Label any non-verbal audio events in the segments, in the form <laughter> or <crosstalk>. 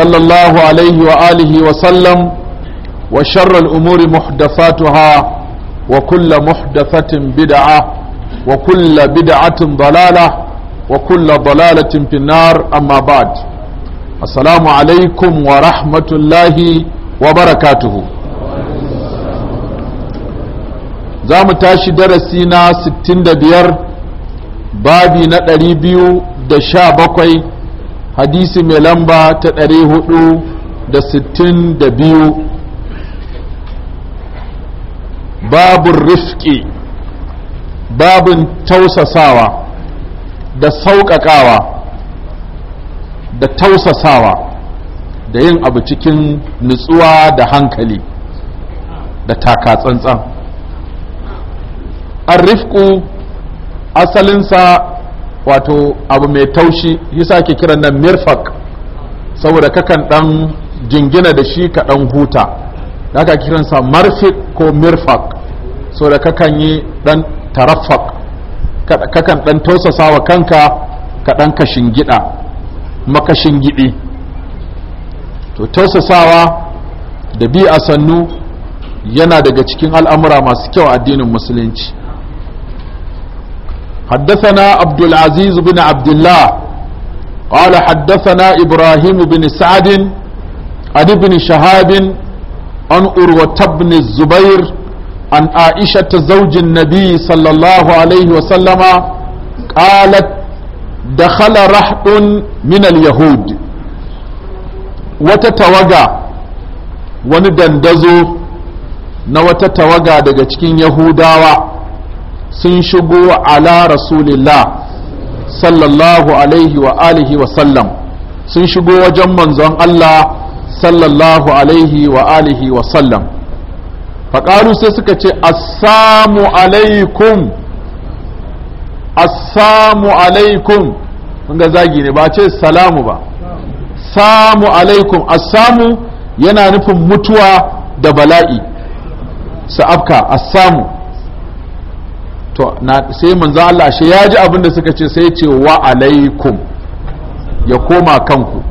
صلى الله عليه وآله وسلم وشر الأمور محدثاتها وكل محدثة بدعة وكل بدعة ضلالة وكل ضلالة في النار أما بعد السلام عليكم ورحمة الله وبركاته za mu tashi darasi na 65 babi na 217 hadisi mai lamba ta hudu da da sittin biyu babun rifki babun tausasawa da sauƙaƙawa da tausasawa da yin abu cikin nutsuwa da hankali da taka tsantsan an rufku asalinsa wato abu mai taushi sa ke kiran nan mirfak saboda kakan dan jingina da shi ka dan huta da aka kiransa marfik ko mirfak saboda kakan yi dan tarafak kakan dan tausasa wa kanka ka dan kashin shingida maka shingidi to tausasawa da bi a sannu yana daga cikin al'amura masu kyau addinin musulunci حدثنا عبد العزيز بن عبد الله قال حدثنا إبراهيم بن سعد عن ابن شهاب عن أروة بن الزبير عن عائشة زوج النبي صلى الله عليه وسلم قالت دخل رحب من اليهود وتتوجع وندندزو نوتتوجع دقشكين يهوداوا sun shigo ala rasulillah sallallahu alaihi wa alihi wa sallam sun shigo wajen manzon Allah sallallahu alaihi wa alihi wa sallam faƙaru sai suka ce assamu alaikum assamu alaikum ga zagi ne ba ce salamu ba samu alaikum assamu yana nufin mutuwa da bala'i sa'afka assamu to na sai manzo Allah shi ya ji abin da suka ce sai ce wa alaikum ya koma kanku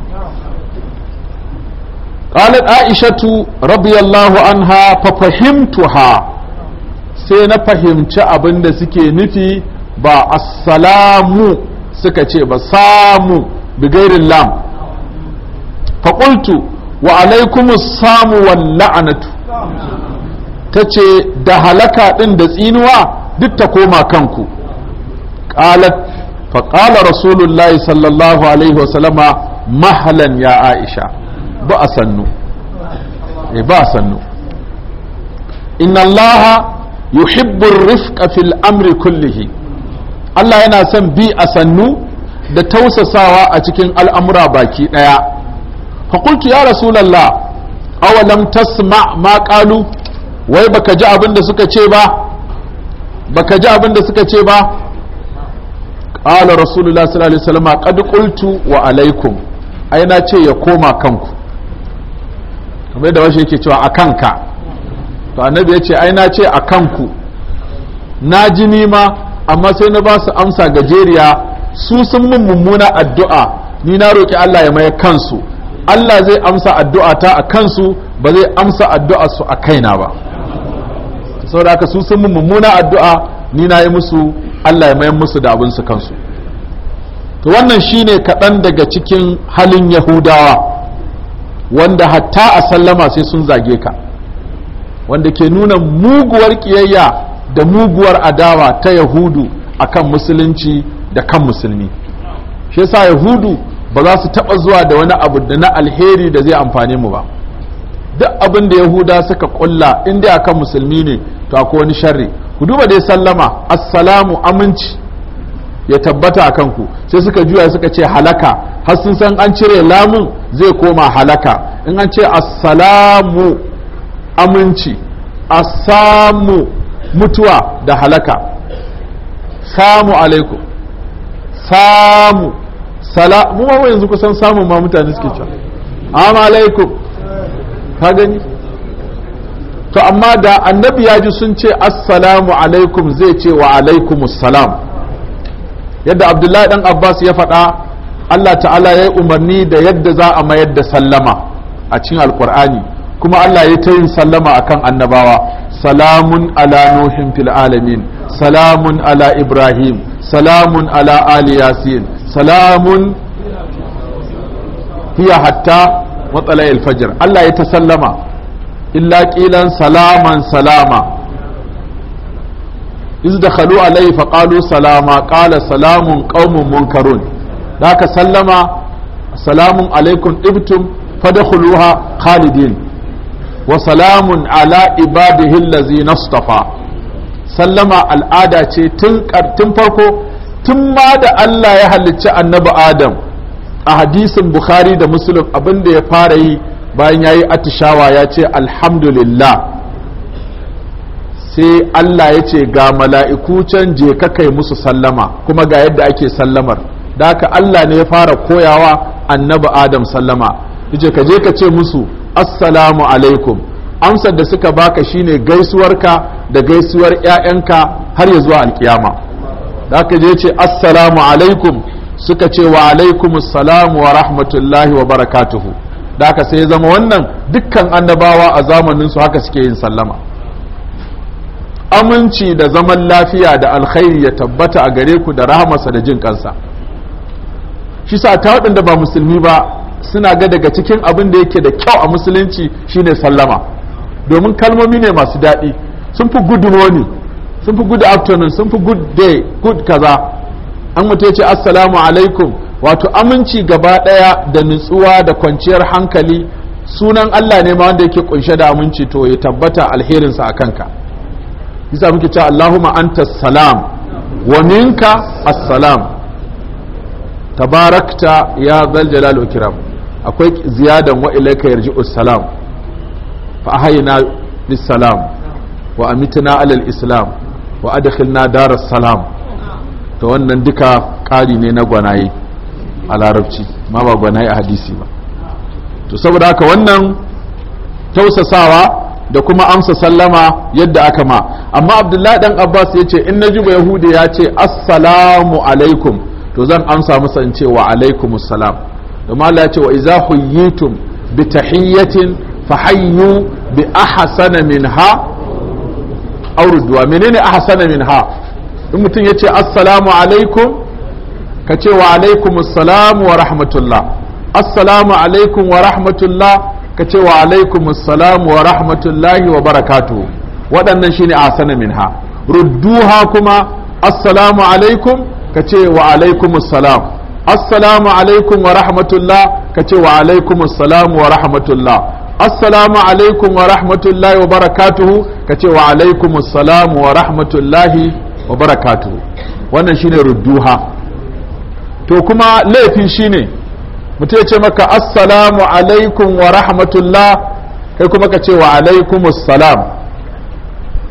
qalat aishatu radiyallahu anha fa fahimtuha sai na fahimci abin da suke nufi ba assalamu suka ce ba samu bigairin lam fa qultu wa alaikumus samu wal la'anatu tace da halaka din da tsinuwa duk ta koma kanku qalat fa qala rasulullahi sallallahu alaihi wasallama mahalan ya aisha ba a sannu eh ba a sannu inna rifqa fil amri kullihi Allah yana son bi a sannu da tausasawa a cikin al'amura baki ɗaya. faƙultu ya Rasulallah, awalam tasma ma ƙalu, wai baka ji abin da suka ce ba, baka ji abin da suka ce ba qala rasulullah sallallahu alaihi wasallam qad qultu wa alaikum ai na ce ya koma kanku kamar da washe yake cewa a kanka to annabi ya ce ai na ce a kanku na ji nima amma sai na ba su amsa gajeriya su sun min mummuna addu'a ni na roki Allah ya maye kansu Allah zai amsa addu'a ta a kansu ba zai amsa addu'a su a kaina ba saboda haka su sun mummuna addu'a ni na yi musu Allah ya mayan musu da abin su kansu to wannan shine kaɗan daga cikin halin yahudawa wanda hatta a sallama sai sun zage ka wanda ke nuna muguwar ƙiyayya da muguwar adawa ta yahudu akan musulunci da kan musulmi shi yasa yahudu ba za su taɓa zuwa da wani abu da na alheri da zai amfani mu ba duk abin da yahuda suka ƙulla inda akan musulmi ne to akwai wani sharri ku duba dai sallama assalamu aminci ya tabbata a kanku sai suka juya suka ce halaka har sun san an cire lamun zai koma halaka in an ce assalamu aminci a samu mutuwa da halaka samu alaikum samu salamu mu yanzu kusan samun ma mutane suke can amma alaikum ka gani to amma da annabi ya ji sun ce assalamu alaikum zai ce wa alaikumussalam yadda abdullahi dan abbas ya faɗa allah ta'ala ya yi umarni da yadda za a mayar da sallama a cikin alkur'ani kuma allah ya ta yin sallama akan annabawa salamun ala nuhin fil alamin salamun ala ibrahim salamun ala ali yasin salamun hiya hatta matsalai alfajir allah ya ta sallama illa ƙilan salaman salama iz da khalu alai fa qalu salama qala salamun qaumun munkarun daka sallama salamun alaikum ibtum fadkhuluha khalidin wa salamun ala ibadihi allazi nastafa sallama al'ada ce tun farko tun ma da Allah ya halicci annabi Adam a hadisin Bukhari da Muslim abinda ya fara yi bayan ya yi atishawa ya ce alhamdulillah sai Allah ya ce ga mala'iku can je ka kai musu sallama kuma ga yadda ake sallamar da haka Allah ne ya fara koyawa annabi Adam sallama yace ka je ka ce musu assalamu alaikum amsar da suka baka shine gaisuwarka da gaisuwar 'ya'yanka har ya zuwa alkiyama da haka je ce assalamu alaikum suka ce wa alaikumus salam wa rahmatullahi wa barakatuhu da aka sai zama wannan dukkan annabawa a zamaninsu haka suke yin sallama aminci da zaman lafiya da alkhairi ya tabbata a gare ku da rahamarsa da jin kansa shi sa ta waɗanda ba musulmi ba suna ga daga cikin abin da yake da kyau a musulunci shine sallama domin kalmomi ne masu daɗi sun fi good morning sun fi good afternoon sun fi good day good kaza an mutu ya ce assalamu alaikum wato aminci gaba ɗaya da nutsuwa da kwanciyar hankali sunan Allah ne ma wanda yake kunshe da aminci to ya tabbata alherinsa a kanka bisa muke cewa Allahumma anta salam wa minka assalam tabarakta ya zal jalal wa kiram akwai ziyadan wa ilayka yarji'u salam fa ahayna bis salam wa amitna ala al islam wa adkhilna dar salam to wannan duka kari ne na gwanaye a larabci ma ba gwanai a hadisi ba to saboda haka wannan tausasawa da kuma amsa sallama yadda aka ma amma abdullahi dan abbas ya ce in na juba yahudi ya ce assalamu alaikum to zan amsa masa in ce wa alaikum salam domin Allah ya ce wa iza huyitum bi tahiyyatin fahayyu bi ahsana minha aw rudduwa menene ahsana minha in mutum ya ce assalamu alaikum ka ce wa alaikum assalamu wa rahmatullah assalamu alaikum wa rahmatullah ka ce wa alaikum assalamu wa rahmatullahi wa barakatu. waɗannan shine asana minha rudduha kuma assalamu alaikum ka ce wa alaikum assalam assalamu alaikum wa rahmatullah ka ce wa alaikum assalam wa rahmatullah assalamu alaikum wa rahmatullahi wa barakatuhu ka ce wa alaikum assalamu wa rahmatullahi wa barakatuhu wannan shine rudduha to kuma laifi ne mutum ya ce maka assalamu alaikum wa rahmatullah kai kuma ka ce wa alaikumus assalam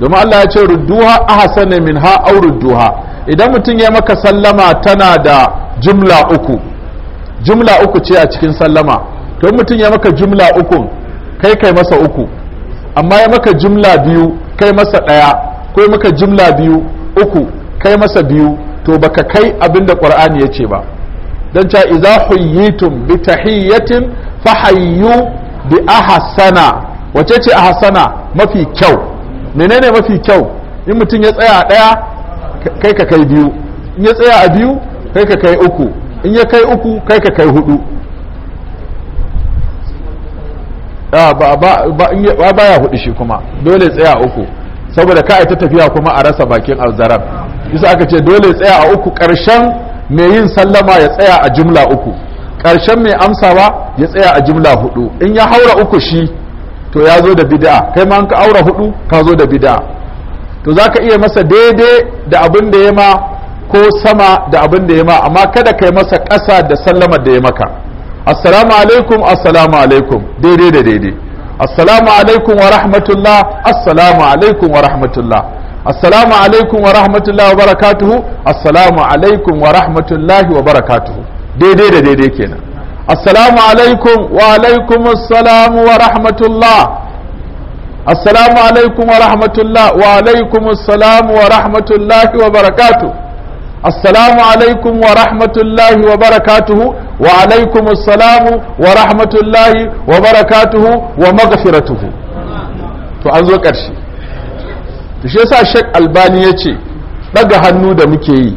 domin Allah ya ce rudduha ahsana minha aw rudduha idan mutum ya maka sallama tana da jumla uku jumla uku ce a cikin sallama to mutum ya maka jumla uku kai kai masa uku amma ya maka jumla biyu kai masa ɗaya ko maka jumla biyu uku kai masa biyu to baka kai abin da qur'ani yace ba dan cha idza huyitum bi fa fahayyu bi ahsana wace ce ahsana mafi kyau menene mafi kyau in mutum ya tsaya daya kai ka kai biyu in ya tsaya a biyu kai ka kai uku in ya kai uku kai ka kai hudu ba baya hudu shi kuma dole tsaya uku saboda ka ta tafiya kuma a rasa bakin alzarar bisa aka ce dole tsaya a uku ƙarshen mai yin sallama ya tsaya a jumla uku ƙarshen mai amsawa ya tsaya a jumla hudu in ya haura uku shi to ya zo da bid'a kai ma ka aura hudu ka zo da bid'a to za ka iya masa daidai da abin da ya ma ko sama da abin da ya ma amma kada kai masa ƙasa da sallamar da ya maka assalamu alaikum assalamu alaikum daidai da daidai assalamu alaikum wa rahmatullah assalamu alaikum wa rahmatullah assalamu alaikum wa rahmatullahi wa barakatuhu alaikum wa rahmatullahi wa daidai da daidai kenan assalamu alaikum wa alaikum assalam wa rahmatullah assalamu alaikum wa rahmatullah wa alaikum assalam wa rahmatullahi wa barakatuhu alaikum wa rahmatullahi wa wa alaikum assalam wa wa to an zo ƙarshe to shi yasa shek albani ya ce daga hannu da muke yi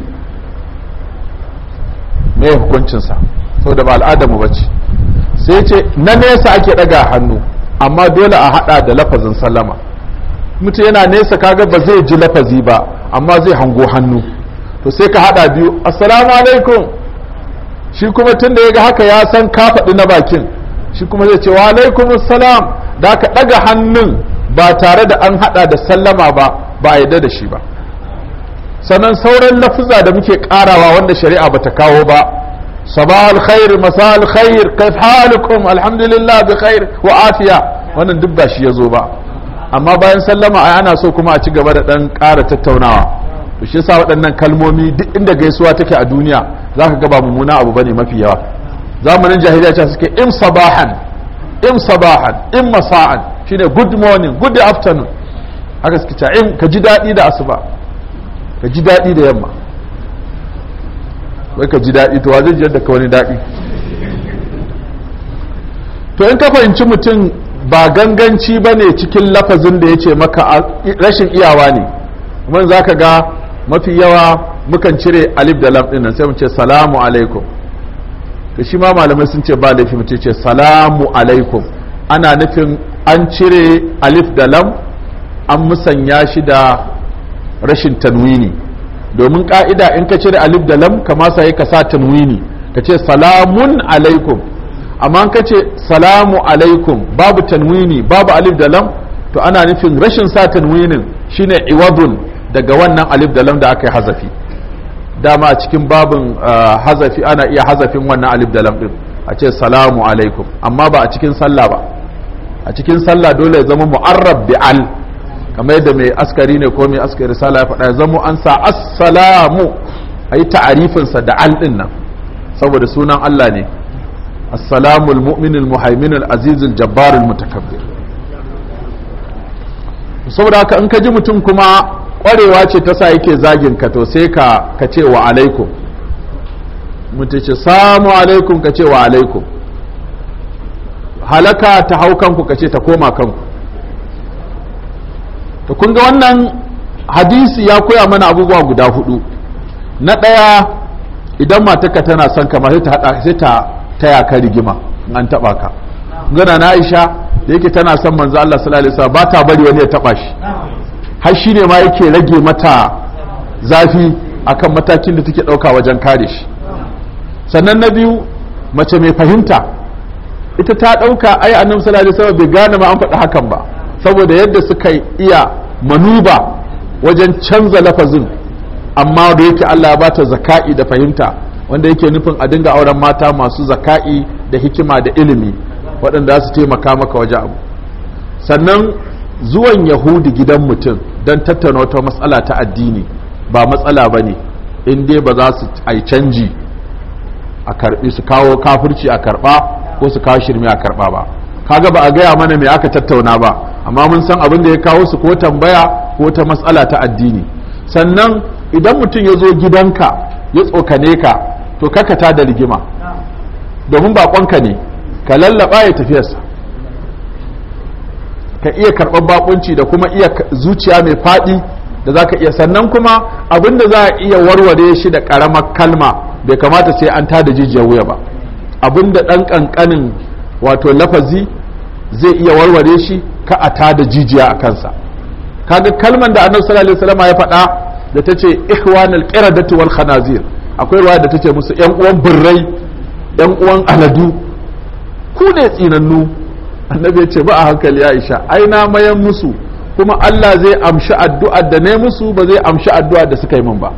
me hukuncinsa saboda ba al'ada mu bace sai ce na nesa ake daga hannu amma dole a haɗa da lafazin sallama mutu yana nesa kaga ba zai ji lafazi ba amma zai hango hannu to sai ka haɗa biyu assalamu alaikum shi kuma tun da ya ga haka ya san ka faɗi na bakin shi kuma zai ce wa alaikum salam da ka daga hannun ba tare da an hada da sallama ba ba a yadda da shi ba sannan sauran lafuza da muke karawa wanda shari'a bata kawo ba sabah alkhair masa alkhair kayf halukum alhamdulillah bi khair wa afiya wannan duk ba shi yazo ba amma bayan sallama ai ana so kuma a ci gaba da dan ƙara tattaunawa to shi yasa waɗannan kalmomi duk inda gaisuwa take a duniya zaka ga ba mummuna abu bane mafi yawa zamanin jahiliya ta suke im sabahan im sabahan im masa'an shine good morning good afternoon haka suke cewa in ka ji daɗi da asuba ka ji daɗi da yamma wai ka ji daɗi to wajen zai ji yadda ka wani daɗi to in ka fahimci mutum ba ganganci ba ne cikin lafazin da ya ce maka rashin iyawa ne kuma za ka ga mafi yawa mukan cire alif da lam ɗin sai mu ce salamu alaikum to shi ma malamai sun ce ba laifi mu ce salamu alaikum ana nufin an cire alif da lam an musanya shi da rashin tanwini domin ka'ida in ka cire alif da lam kama sai ka sa tanwini ka ce salamun alaikum amma ka ce salamu alaikum babu tanwini babu alif da lam to ana nufin rashin sa tanwinin shine iwadun daga wannan alif da lam da aka yi hazafi dama a cikin babin ah, hazafi ana iya hazafin wannan alif da lam din a ce salamu alaikum amma ba a cikin sallah ba a cikin sallah dole ya zama mu'arrab bi al kamar yadda mai askari ne ko mai askari sala ya faɗa ya zama an sa assalamu Ayi ta'arifinsa da al ɗin nan saboda sunan Allah ne assalamul mu'minul muhaiminul azizul jabbarul mutakabbir saboda haka in ka ji mutum kuma kwarewa ce ta sa yake zagin ka to sai ka ka ce wa alaikum mutum samu alaikum ka ce wa alaikum halaka ta hau kanku kace ta koma kanku to kun ga wannan hadisi ya koya mana abubuwa guda hudu na ɗaya idan matarka tana son kama sai ta taya ka rigima an taɓa ka gana na aisha da yake tana son manzo Allah sallallahu alaihi wasallam ba ta bari wani ya taɓa shi har shi ne ma yake rage mata zafi akan matakin da take ɗauka wajen kare shi sannan na biyu mace mai fahimta ita ta ɗauka ai annabi sallallahu alaihi wasallam bai gane ma an faɗi hakan ba saboda yadda suka iya manuba wajen canza lafazin amma da yake Allah ya bata zaka'i da fahimta wanda yake nufin a dinga auren mata masu zaka'i da hikima da ilimi waɗanda su taimaka maka waje abu sannan zuwan yahudi gidan mutum don tattauna wata matsala ta addini ba matsala ba ne in dai ba za su ai canji a karbi su kawo kafirci a karba ko su kawo shirme a karba ba kaga ba a gaya mana me aka tattauna ba amma mun san abin da ya kawo su ko tambaya ko ta matsala ta addini sannan idan mutum ya zo gidanka ya tsokane ka to kakata da rigima domin bakonka ne ka lallaba ya tafiyarsa ka iya karɓar bakunci da kuma iya zuciya mai faɗi da za ka iya sannan kuma abin da za a iya warware shi da ƙaramar kalma bai kamata sai an tada jijiya wuya ba abinda ɗan ƙanƙanin wato lafazi zai iya warware shi ka a tada jijiya a kansa kaga kalman da annabi sallallahu alaihi wasallam ya faɗa da tace ikhwanul qiradatu wal khanazir akwai ruwa da tace musu yan uwan birrai yan uwan aladu ku ne tsinannu annabi ya ce ba a hankali Aisha ai na mayan musu kuma Allah zai amshi addu'ar da ne musu ba zai amshi addu'a da suka yi min ba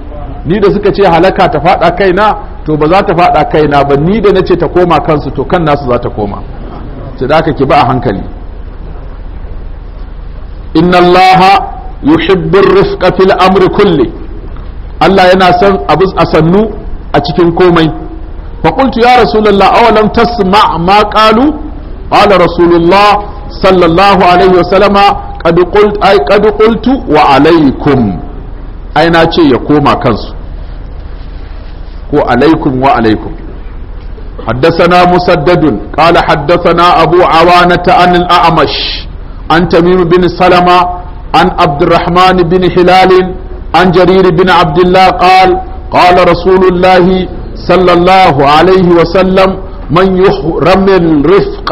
ni da suka ce halaka ta faɗa kaina to ba za ta faɗa kaina ba ni da na ce ta koma kansu to kan nasu za ta koma sai da ki ba a hankali inna allaha yuhibbur rifqa fil amri kulli Allah yana son abu a sannu a cikin komai fa qultu ya rasulullah awalam tasma' ma qalu qala rasulullah sallallahu alaihi wasallama qad qult ay qad qultu wa alaykum. ai na ce ya koma kansu ko alaikum wa alaikum حدثنا مسدد قال حدثنا أبو عوانة عن الأعمش عن تميم بن سلمة عن عبد الرحمن بن هلال عن جرير بن عبد الله قال قال رسول الله صلى الله عليه وسلم من يحرم الرفق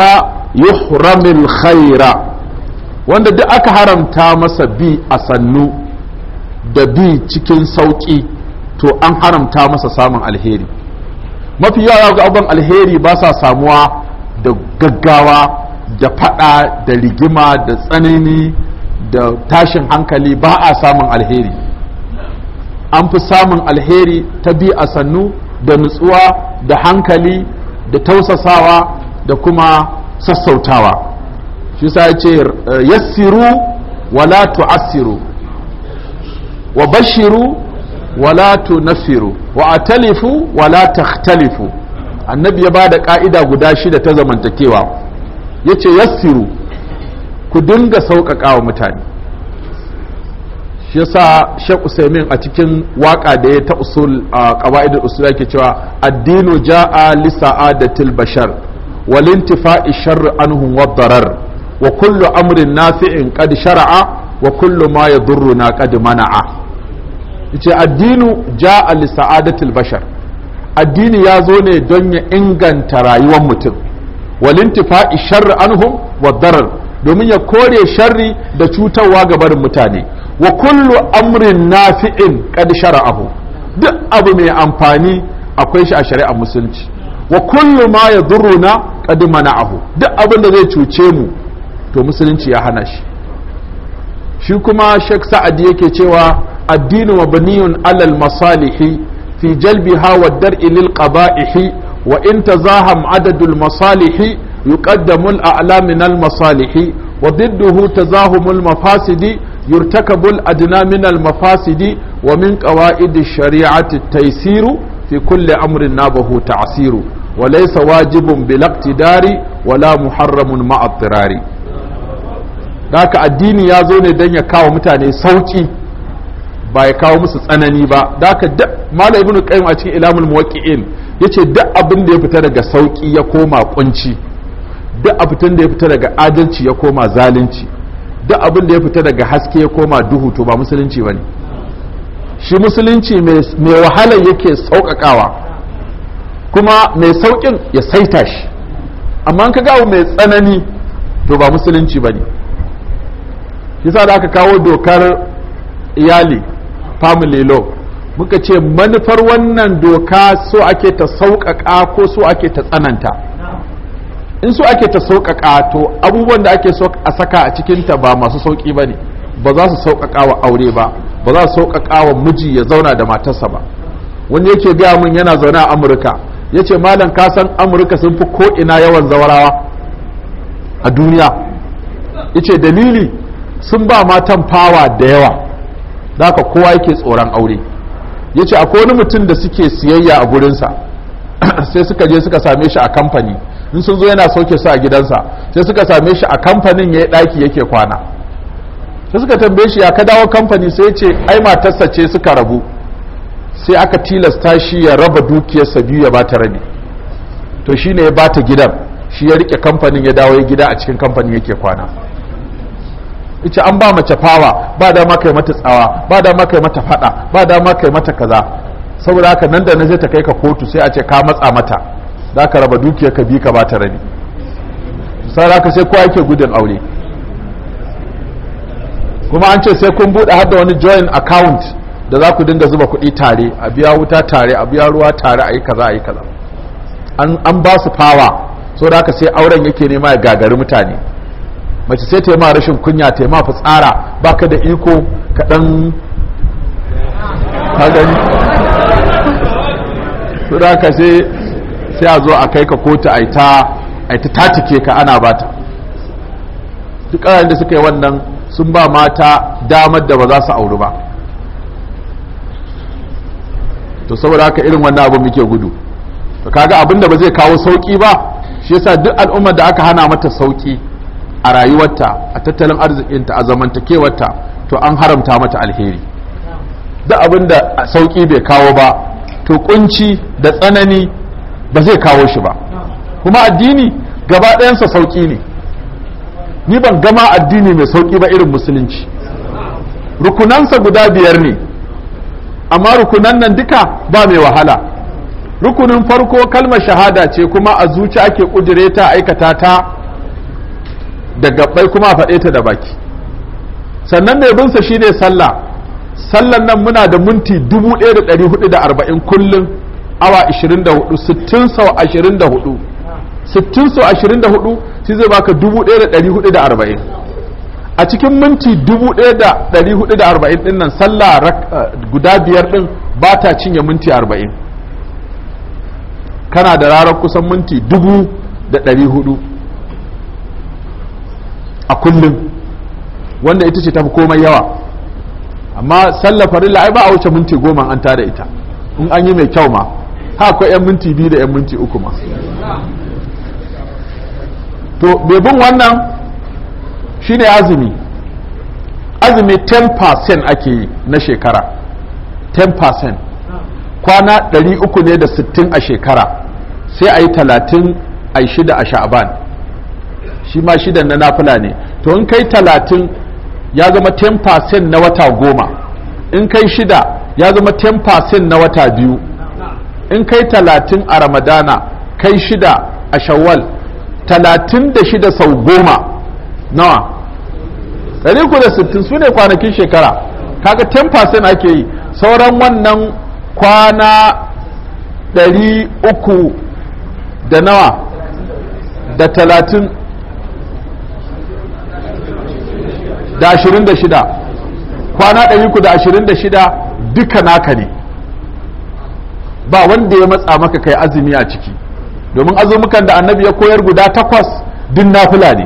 يحرم الخير wanda duk aka haramta masa bi a sannu da bi cikin sauƙi to an haramta masa samun alheri mafi yawa ga abin alheri ba sa samuwa da gaggawa da fada da rigima da tsanani da tashin hankali ba a samun alheri an fi samun alheri ta bi a sannu da nutsuwa da hankali da tausasawa da kuma sassautawa shi sa ya ce yassiru wala tu'assiru wa bashiru wala nasiru wa a atalifu wala taktalifu annabi ya bada ka'ida guda shida ta zamantakewa yace yassiru ku dinga sauƙaƙa wa mutane shi yasa Sheikh Usaimin a cikin waƙa da ya ta usul a ƙawa'idar usul yake cewa addinu jaa lisa'a da bashar walin intifa'i sharr anhum darar wa kullu amrin nafi'in ƙad shara'a. wa kullu ma ya yadurruna a. mana'a ce addinu ja'a li bashar addini ya zo ne don ya inganta rayuwar mutum walinti shari sharri anhum wa darar domin ya kore sharri da cutarwa ga barin mutane wa kullu amrin nafi'in qad shara'ahu duk abu mai amfani akwai shi a shari'ar musulunci wa kullu ma ya yadurruna qad mana'ahu duk abin da zai cuce mu to musulunci ya hana shi shi kuma shek sa'adi yake cewa addinu mabniyun alal masalihi fi jalbiha wa dar'i lil qaba'ihi wa in tazaham adadul masalihi yuqaddamu alaminal a'la min al masalihi wa didduhu mafasidi yurtakabu al adna mafasidi wa min qawaid al shari'ati taysiru fi kulle amrin na bahu wa laysa wajibun bil iqtidari wa la muharramun ma'a da haka addini ya zo ne don ya kawo mutane sauki ba ya kawo musu tsanani ba da haka duk mala ibn qayyim a cikin ilamul muwaqqi'in yace duk abin da ya fita daga sauki ya koma kunci duk abin da ya fita daga adalci ya koma zalunci duk abin da ya fita daga haske ya koma duhu to ba musulunci bane shi musulunci mai wahala yake sauƙaƙawa kuma mai saukin ya saita shi amma ka gawo mai tsanani to ba musulunci bane yasa da aka kawo dokar iyali family law muka ce manufar wannan doka so ake ta sauƙaƙa ko so ake ta tsananta in so ake ta sauƙaƙa to abubuwan da ake so a saka a cikinta ba masu sauƙi ba ne ba za su sauƙaƙa wa aure ba ba za su sauƙaƙa wa miji ya zauna da matarsa ba wani yake gaya min yana zaune a amurka ya ce malam ka san amurka sun fi ko'ina yawan zawarawa a duniya ya ce dalili sun ba matan fawa da yawa da haka kowa yake tsoron aure ya ce akwai wani mutum da suke siyayya a gurinsa <clears throat> sai suka je suka same shi a kamfani in sun zo yana sauke su a gidansa sai suka same shi a kamfanin ya yi ɗaki yake kwana sai suka tambaye shi ya ka dawo kamfani sai ce ai matarsa ce suka rabu sai aka tilasta shi ya raba dukiyarsa biyu ya bata rabi to shine ya bata gidan shi ya rike kamfanin ya dawo ya gida a cikin kamfanin yake kwana ita an ba mace fawa ba dama kai mata tsawa ba dama kai mata fada ba dama kai mata kaza saboda haka nan da na zai ta kai ka kotu sai a ce ka matsa mata za ka raba dukiyar ka bi ka bata rabi sai haka sai ko yake gudun aure kuma an ce sai kun buɗe har da wani joint account da za ku dinga zuba kuɗi tare a biya wuta tare a biya ruwa tare a yi kaza a yi kaza an ba su fawa saboda haka sai auren yake nema ya gagari mutane mace sai ta ma rashin kunya ta ma fitsara ka da iko kaɗan su da ka sai sai a zo a kai ka kota a ta ta tatike ka ana bata duk da suka yi wannan sun ba mata damar da ba za su auri ba to saboda haka irin wannan abu muke gudu to kaga abin da ba zai kawo sauki ba shi yasa duk al'ummar da aka hana mata sauki a rayuwarta a tattalin arzikinta a zamantakewarta to an haramta mata alheri da abin da sauƙi bai kawo ba to kunci da tsanani ba zai kawo shi ba kuma addini gaba ɗayansa sauƙi ne ni ban gama addini mai sauƙi ba irin musulunci rukunansa guda biyar ne amma rukunan nan duka ba mai wahala rukunin farko kalmar shahada ce kuma a zuci ake kudure ta aikata ta da gabbai kuma a faɗe ta da baki sannan mai shi ne sallah sallan nan muna da minti 1440 kullum awa 24 60 sau 24 Sittin sau 24 shi zai baka 1440 a cikin minti 1440 din nan sallah eh, guda biyar din ba ta cinye minti 40 kana da rarar kusan minti dubu da hudu. a kullum wanda ita ce tafi komai yawa amma sallar farilla ai ba a wuce minti goma an tada ita in an yi mai kyau ma ha akwai 'yan minti biyu da 'yan minti uku ma to bin wannan shine azumi azumi 10% ake yi na shekara 10% kwana 360 a shekara sai a yi 30 a yi a sha'aban shi ma shidan na nafila ne to in kai talatin ya zama 10% na wata goma in kai shida ya zama 10% na wata biyu in kai talatin a ramadana kai shida a shawwal talatin da shida sau goma nawa da sittin su ne kwanakin shekara kaga 10% ake yi sauran wannan kwana ɗari uku da nawa da talatin da ashirin da shida kwana ɗari ku da ashirin da shida duka naka ne ba wanda ya matsa maka kai azumi a ciki domin azumukan da annabi ya koyar guda takwas din nafila ne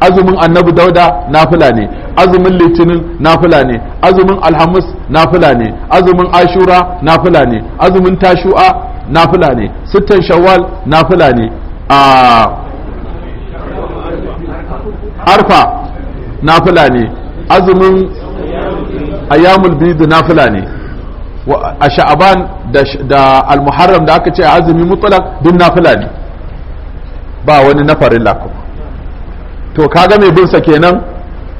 azumin annabi dauda nafila ne azumin litinin nafila ne azumin alhamis nafila ne azumin ashura nafila ne azumin tashu'a nafila ne sittan shawwal nafila ne a ah, arfa nafila ne azumin ayyamul bid nafila ne a sha'aban da al-muharram da aka ce azumi mutlaq duk nafila ne ba wani na farilla kuma to kaga mai bin sa kenan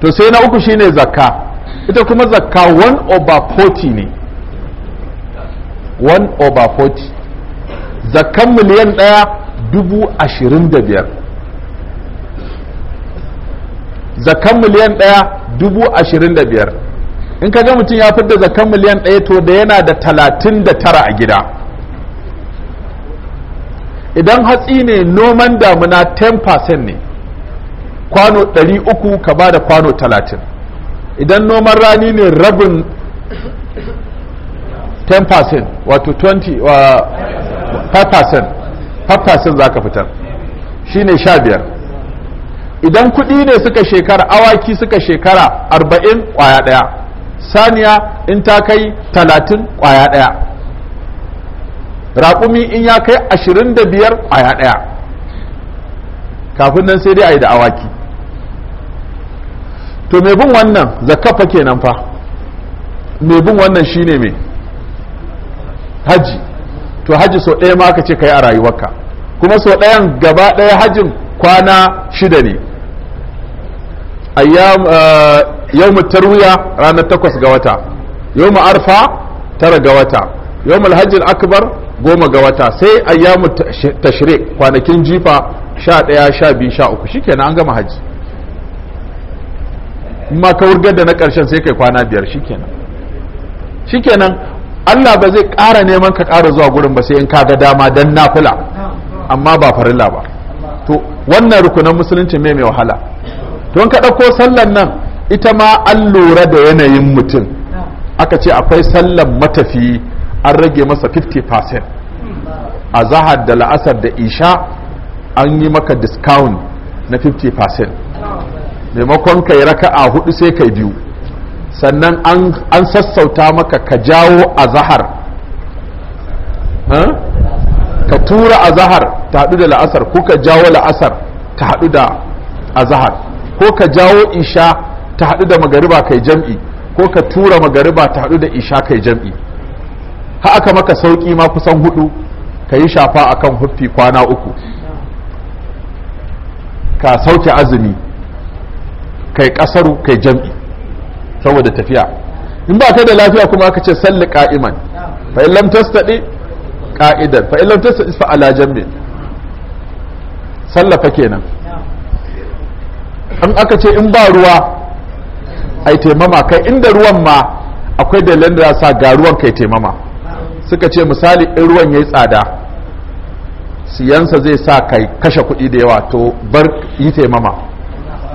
to sai na uku shine zakka ita kuma zakka one over 40 ne one over 40 zakkan miliyan ɗaya dubu ashirin da biyar zakan miliyan ɗaya dubu ashirin da biyar in ka ga mutum ya fidda zakan miliyan ɗaya to da yana da talatin da tara a gida idan hatsi ne noman damuna 10% ne kwano 300 ka ba da kwano 30 idan noman rani ne rabin 10% wato 20 5% 5% za ka fitar shi ne 15 idan kuɗi ne suka shekara awaki suka shekara arba'in kwaya ɗaya saniya in ta kai talatin kwaya ɗaya raƙumi in ya kai ashirin da biyar kwaya ɗaya kafin nan sai dai a yi da awaki to mai bin wannan zakka fa kenan fa mai bin wannan shine mai haji to haji sau ɗaya ma ka ce ka yi a rayuwarka kuma sau ɗayan gaba ɗaya hajin kwana shida ne ayyam eh, yawm tarwiya ranar takwas ga wata yawm arfa tara ga wata yawm alhajj akbar goma ga wata sai ayyam tashrik kwanakin jifa 11 12 13 shikenan an gama haji ma ka wurgar da na karshen sai kai kwana biyar shikenan shikenan Allah ba zai ƙara neman ka ƙara zuwa gurin ba sai in ka ga dama dan nafila amma ba farilla ba to wannan rukunan musulunci mai mai wahala to ka ɗauko sallan nan ita ma an lura da yanayin mutum ah. aka ce akwai sallan matafi an rage masa 50% a zahar da la'asar da isha an yi maka discount na 50% maimakon kai raka'a hudu sai ka biyu sannan an sassauta maka ka jawo a zahar ka tura a zahar ta haɗu da la'asar ko ka jawo la'asar ta haɗu da a zahar ko ka jawo isha ta haɗu da magariba kai jam'i ko ka tura magariba ta haɗu da isha kai jam'i ha aka maka sauƙi ma kusan hudu ka yi shafa akan huffi kwana uku ka sauke azumi kai ƙasaru kai jam'i saboda tafiya in ba ka da lafiya kuma aka ce salli ka'iman fa in lam tastadi ka'idan fa in lam tastadi fa ala jambi sallafa kenan in aka ce in ba ruwa ai taimama kai inda ruwan ma akwai dalilin da sa ga ruwan kai taimama suka ce misali in ruwan ya yi tsada siyansa zai sa kai kashe kuɗi da yawa to bar yi taimama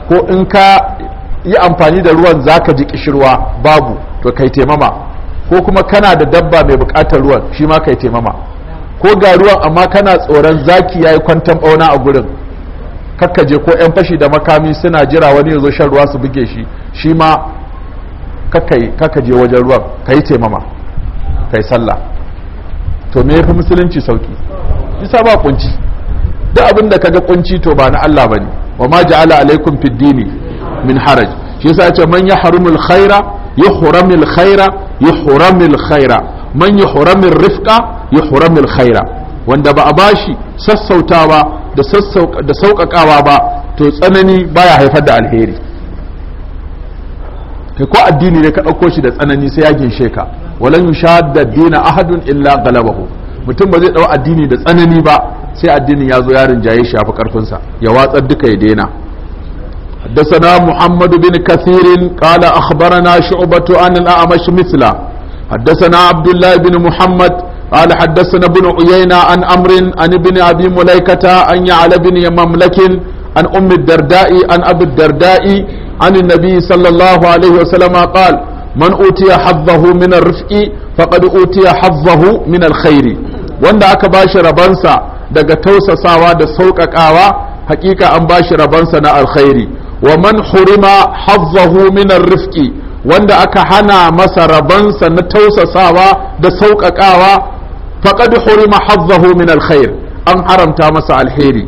ko in ka yi amfani da ruwan za ka ji kishirwa babu to kai taimama ko kuma kana da dabba mai bukatar ruwan shi ma kai taimama ko ga ruwan amma kana tsoron zaki ya yi kwantan ɓauna a gurin je ko 'yan fashi da makami suna jira wani ya zo shan ruwa su buge shi shi ma je wajen ruwan ka yi taimama ka yi sallah to me fi musulunci sauki isa ba kunci duk abin da kaga kunci to ba na Allah bane wa ma ja'ala alaikum fiddini min haraj shi yasa ya ce man yahrumul khaira yuhramil khaira yuhramil khaira man yuhramir rifqa yuhramil khaira wanda ba a bashi sassautawa da sauƙaƙawa ba to tsanani baya haifar da alheri kai ko addini ne ka ɗauko shi da tsanani sai ya ginshe ka walan yushadda dina ahadun illa galabahu mutum ba zai ɗau addini da tsanani ba sai addinin ya zo ya rinjaye shi ya fi ƙarfinsa ya watsar duka ya daina حدثنا محمد بن كثير قال أخبرنا شعبة عن الأعمش مثله حدثنا عبد الله بن محمد قال حدثنا ابن عيينة عن أمر عن ابن أبي مليكة عن يعلى بن مملك عن أم الدرداء عن أبي الدرداء عن النبي صلى الله عليه وسلم قال من أوتي حظه من الرفق فقد أوتي حظه من الخير wanda aka ba shi rabansa daga tausasawa da sauƙaƙawa hakika an ba shi rabansa na alkhairi wa man hurima hazzahu min rifqi wanda aka hana masa rabansa na tausasawa da sauƙaƙawa faqad hori hazzahu min alkhair an haramta masa alheri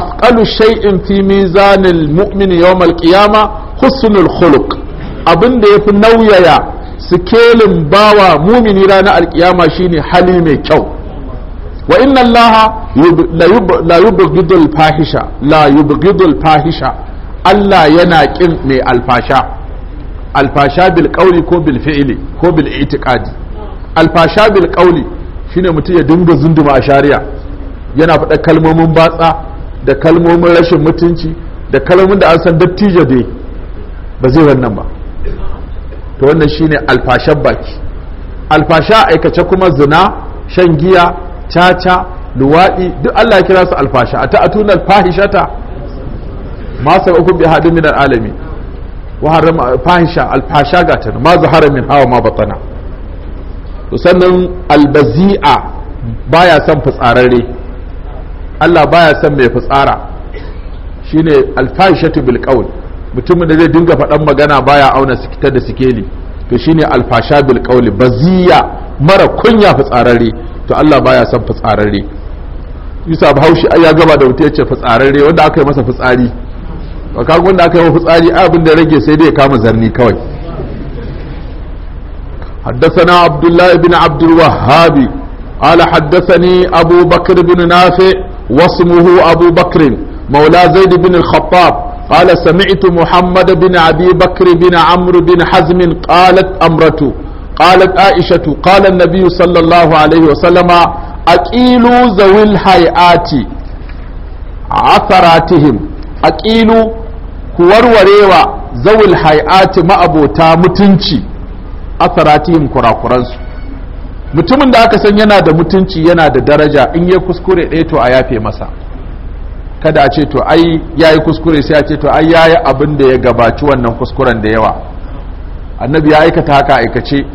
afqalu shay'in fi mizanil mu'min yawm alqiyama husnul khuluq abinda yafi nauyaya sikelin bawa mumini ranar alƙiyama shine hali mai kyau wa inna allaha la yubghidul fahisha la fahisha Allah yana kin mai alfasha alfasha bil qawli ko bil fi'li ko bil i'tiqadi alfasha bil qawli shine mutum ya dinga zunduma a shari'a yana faɗa kalmomin batsa da kalmomin rashin mutunci da kalmomin da an san dattijo dai ba zai wannan ba to wannan shine alfashan baki alfasha aikace kuma zina shan giya caca luwaɗi duk Allah ya kira su alfasha a ta'atuna alfahishata ma uku bi hadin min alalami wa harama fahisha alfasha gatan ma zahara min hawa ma batana sannan albazi'a baya son fitsararre Allah baya son mai fitsara shine alfashatu bil qawl mutumin da zai dinga faɗan magana baya auna sikitar da sikeli to shine alfasha bil qawl baziya mara kunya fitsararre to Allah baya son fitsararre Yusa Bahaushe ai ya gaba da wuta yace fitsararre wanda aka yi masa fitsari ka wanda aka yi masa fitsari abin da rage sai dai ya kama zarni kawai حدثنا عبد الله بن عبد الوهاب قال حدثني أبو بكر بن نافع واسمه أبو بكر مولى زيد بن الخطاب قال سمعت محمد بن أبي بكر بن عمرو بن حزم قالت أمرته قالت عائشة قال النبي صلى الله عليه وسلم أقيلوا ذوي الحيئات عثراتهم أقيلوا كوروريوا ذوي الحيئات ما أبوتا متنشي asaratihim kurakuransu mutumin da aka san yana da mutunci yana da daraja in ya kuskure ɗaya to a yafe masa kada a ce to ai ya yi kuskure sai a ce to ai ya yi abin da ya gabaci wannan kuskuren da yawa annabi ya aikata haka aikace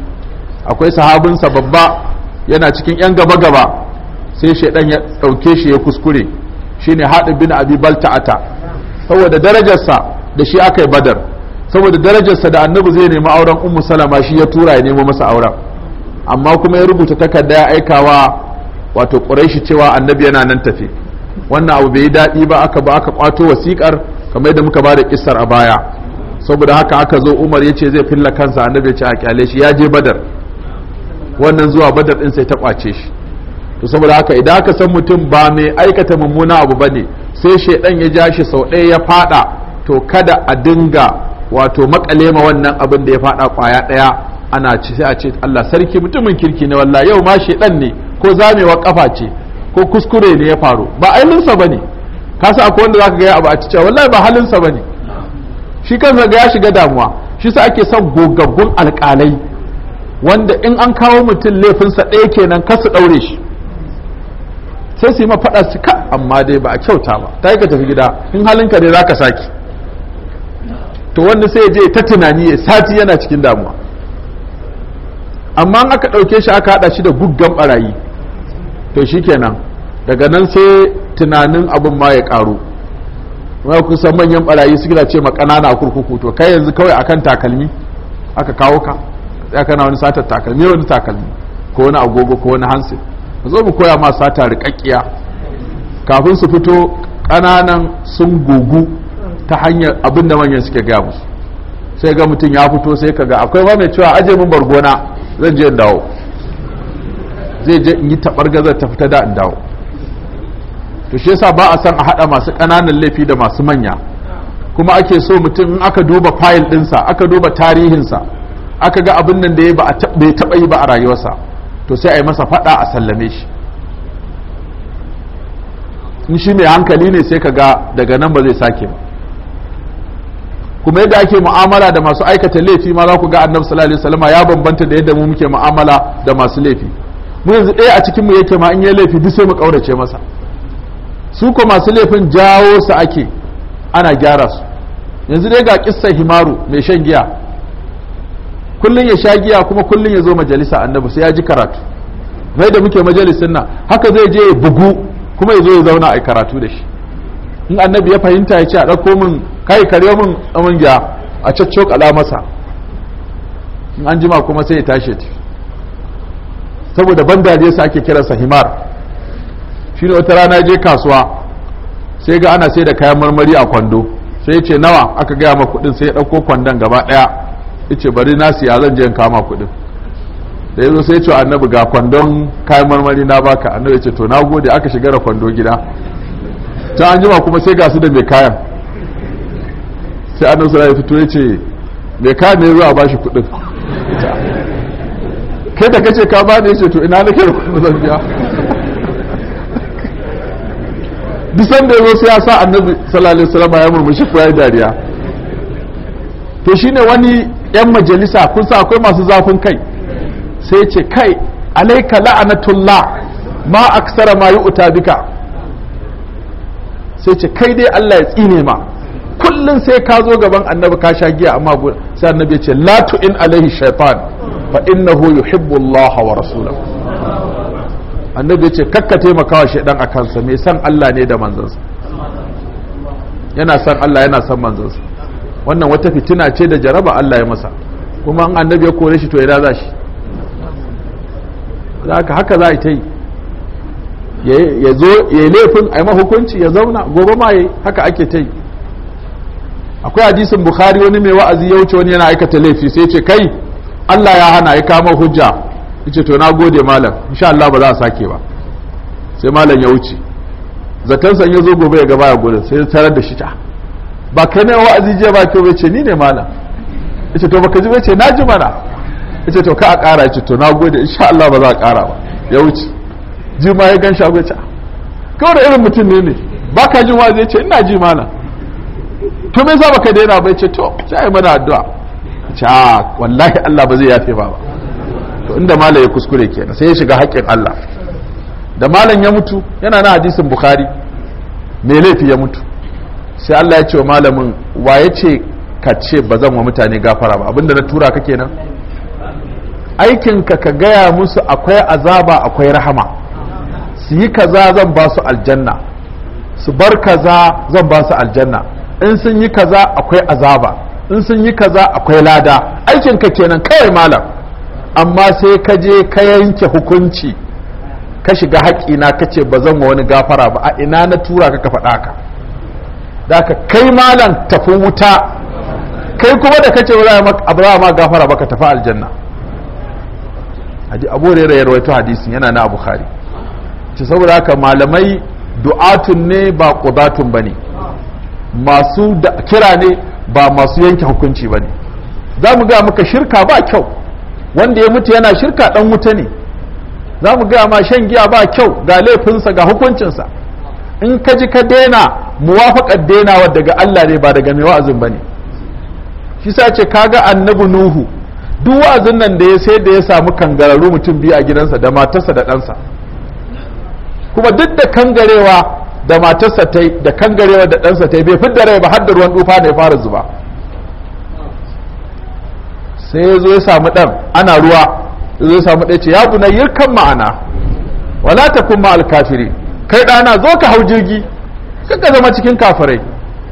akwai sahabinsa babba yana cikin 'yan gaba-gaba sai shaidan ya ɗauke shi ya kuskure shine haɗin bin abi balta'ata saboda darajarsa da shi aka yi badar saboda darajarsa da annabi zai nemi auren ummu salama shi ya tura ya nemo masa auren amma kuma ya rubuta takarda ya aikawa wato quraishi cewa annabi yana nan tafi wannan abu bai yi daɗi ba aka ba aka kwato wasikar kamar yadda muka bada da kissar a baya saboda haka aka zo umar ya ce zai filla kansa annabi ya ce a kyale shi ya je badar wannan zuwa badar din sai ta kwace shi to saboda haka idan aka san mutum ba mai aikata mummuna abu bane sai shedan ya ja shi sau ɗaya ya fada to kada a dinga wato makale ma wannan abin da ya faɗa kwaya ɗaya ana ci sai a ce Allah sarki mutumin kirki ne wallahi yau ma shedan ne ko zamewa kafa ce ko kuskure ne ya faru ba sa bane ka sa akwai wanda zaka ga ya abu a ci cewa wallahi ba halin sa bane shi kansa ga ya shiga damuwa shi sa ake son gogaggun alƙalai wanda in an kawo mutum laifinsa ɗaya kenan kar su ɗaure shi sai su yi mafaɗa su ka amma dai ba a kyauta ba ta yi ka tafi gida in halinka dai za ka sake to wanda sai je ta tunani ya sati yana cikin damuwa amma aka ɗauke shi aka haɗa shi da guggan barayi to shikenan daga nan sai tunanin abun ma ya ƙaru wani kusan manyan barayi suke ce ma ƙanana kurkuku to kai yanzu kawai akan takalmi aka kawo ka ya kana wani satar takalmi wani takalmi ko wani agogo ko wani hansi mu zo mu koya ma sata riƙaƙƙiya kafin su fito ƙananan sun gugu ta hanyar abin da manyan suke gaya musu sai ga mutum ya fito sai ka ga akwai ma mai cewa aje min bargona zan je in dawo zai je in yi tabar gazar ta fita da in dawo to shi yasa ba a san a hada masu ƙananan laifi da masu manya kuma ake so mutum in aka duba fayil dinsa aka duba tarihinsa aka ga abin nan da ya bai taɓa yi ba a rayuwarsa to sai a yi masa faɗa a sallame shi in shi mai hankali ne sai ka ga daga nan ba zai sake ba kuma yadda ake mu'amala da masu aikata laifi ma za ku ga annabi sallallahu alaihi wasallam ya bambanta da yadda mu muke mu'amala da masu laifi mu yanzu ɗaya a cikin mu yake ma in ya laifi duk sai mu kaurace masa su ko masu laifin jawo su ake ana gyara su yanzu dai ga kissa himaru mai shan giya kullun ya sha giya kuma kullun ya zo majalisa annabi sai ya ji karatu bai da muke majalisin nan haka zai je ya bugu kuma ya zo ya zauna a karatu da shi in annabi ya fahimta ya ce a ɗauko min kai kare mun amin ya a kala masa in an jima kuma sai ya tashi ta saboda ban dariya sa ake kiransa himar shi ne wata rana je kasuwa sai ga ana sai da kayan marmari a kwando sai ya ce nawa aka gaya ma kudin sai ya ɗauko kwandon gaba ɗaya ya bari na siya zan je in kama kudin da ya sai ya ce annabi ga kwandon kayan marmari na baka annabi ya ce to na gode aka shiga da kwando gida ta an jima kuma sai ga su da mai kayan sai an sallallahu alaihi fito ya ce me ka ne ruwa bashi kudin? kai da kace ka bani ce to ina nake da kuɗin zan biya duk sanda sai ya sa annabi sallallahu alaihi wasallam ya murmushi ko ya dariya to shine wani yan majalisa kun sa akwai masu zafin kai sai ce kai alaika la'anatullah ma aksara ma yu'ta bika sai ce kai dai Allah ya tsine ma kullum sai ka zo gaban annabi ka sha giya amma sai annabi ya ce la in alaihi shaitan fa innahu yuhibbu Allah wa rasulahu annabi ya ce kakka wa shaidan a kansa mai san Allah ne da manzansa yana san Allah yana san manzansa wannan wata fitina ce da jaraba Allah ya masa kuma an annabi ya kore shi to ina za shi haka haka za a ta yi ya zo ya laifin a yi mahukunci ya zauna gobe ma ya haka ake ta yi akwai hadisin bukhari wani mai wa'azi ya wuce wani yana aikata laifi sai ce kai Allah ya hana ya kama hujja yace to na gode malam insha Allah ba za a sake ba sai malam ya wuce zaton san ya zo gobe ya gaba ya gode sai ya tarar da shi ta ah, ba kai ne wa'azi je ba to ce ni ne malam yace to baka ji ce na ji mana yace to ka a kara yace to na gode insha Allah ba za a kara ba ya wuce ji ma ya gan shi ah, kawai da irin mutum ne ne ba ka jin wa'azi yace ina ji malam to me yasa baka daina bai ce to sai mana addu'a ce a ah, wallahi Allah ba zai yafe ba to inda malam ya kuskure kenan sai ya shiga haƙƙin Allah da malam ya mutu yana na hadisin Bukhari me laifi ya mutu sai Allah ya ce wa malamin wa ya ce ka ce ba zan wa mutane gafara ba abinda na tura ka kenan aikinka ka gaya musu akwai azaba akwai rahama su yi kaza zan ba su aljanna su bar kaza zan ba su aljanna in sun yi kaza akwai azaba in sun yi kaza akwai lada aikin ka kenan kawai malam amma sai ka je ka yanke hukunci ka shiga haƙina ka ce ba zan wani gafara ba a ina na tura ka ka faɗa ka da ka kai malam tafi wuta kai kuma da kace ba za ma gafara ba ka tafi aljanna abu rera ya rawaito hadisin yana na bukhari ce saboda haka malamai du'atun ne ba ba bane masu da kira ne ba masu yanke hukunci ba ne za mu gaya maka shirka ba kyau wanda ya mutu yana shirka dan wuta ne za mu gaya ma shan giya ba kyau ga laifinsa ga hukuncinsa in ka ji ka daina muwafaqar dainawa daga Allah ne ba daga mai wa'azin ba ne shi sa ce kaga annabi nuhu duk wa'azin nan da ya sai da ya samu kangararru mutum biyu a gidansa da matarsa da ɗansa kuma duk da kangarewa da matarsa ta yi da kangarewa da ɗansa ta yi bai fidda rai ba har da ruwan ne fara zuba sai ya zo ya samu ɗan ana ruwa ya zo ya samu ɗaya ce ya buna yirkan ma'ana wala ta kuma alkafiri kai ɗana zo ka hau jirgi kaka zama cikin kafirai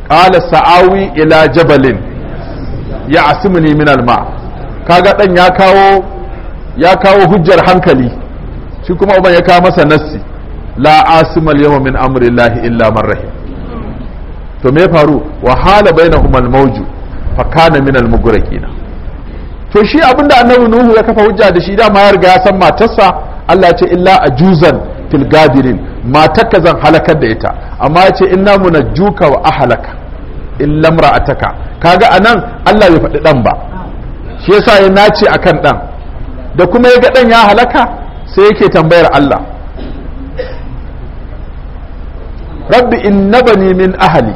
ƙala sa'awi ila jabalin ya asimini min alma kaga ɗan ya kawo hujjar hankali shi kuma uban ya kawo masa nassi la asima al min amri illa man rahim to me faru wa hala bainahum al mawju fa kana min al to shi abinda annabi nuhu ya kafa hujja da shi dama ya riga ya san matarsa Allah ce illa ajuzan fil gadirin matarka zan halakar da ita amma ya ce inna munajjuka wa ahlaka illa imra'ataka kaga anan Allah bai faɗi dan ba shi yasa ya nace akan dan da kuma ya ga dan ya halaka sai yake tambayar Allah rabbi inna bani min ahali.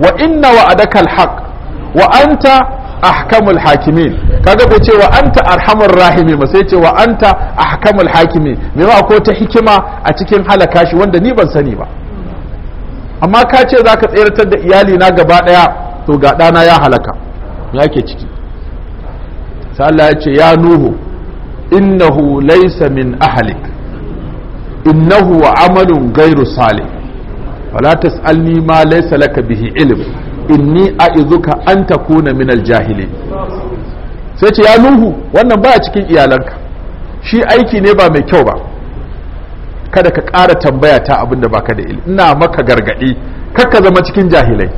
wa inna wa'adaka alhaq wa'anta anta ahkamul hakimin kaga bai ce wa anta arhamur rahimi ba sai ce wa anta ahkamul hakimi me ba ko ta hikima a cikin halaka shi wanda ni ban sani ba amma ka ce zaka tsayartar da iyali na gaba ɗaya to ga dana ya halaka me yake ciki sai Allah ya nuhu ya nuhu innahu laysa min ahlik innahu amalun ghairu salih wala tas'alni ma laysa laka bihi ilm inni a'izuka an takuna min al-jahilin sai ce ya nuhu wannan ba a cikin iyalanka shi aiki ne ba mai kyau ba kada ka ƙara tambaya ta abin da baka da ilimi ina maka gargaɗi kakka zama cikin jahilai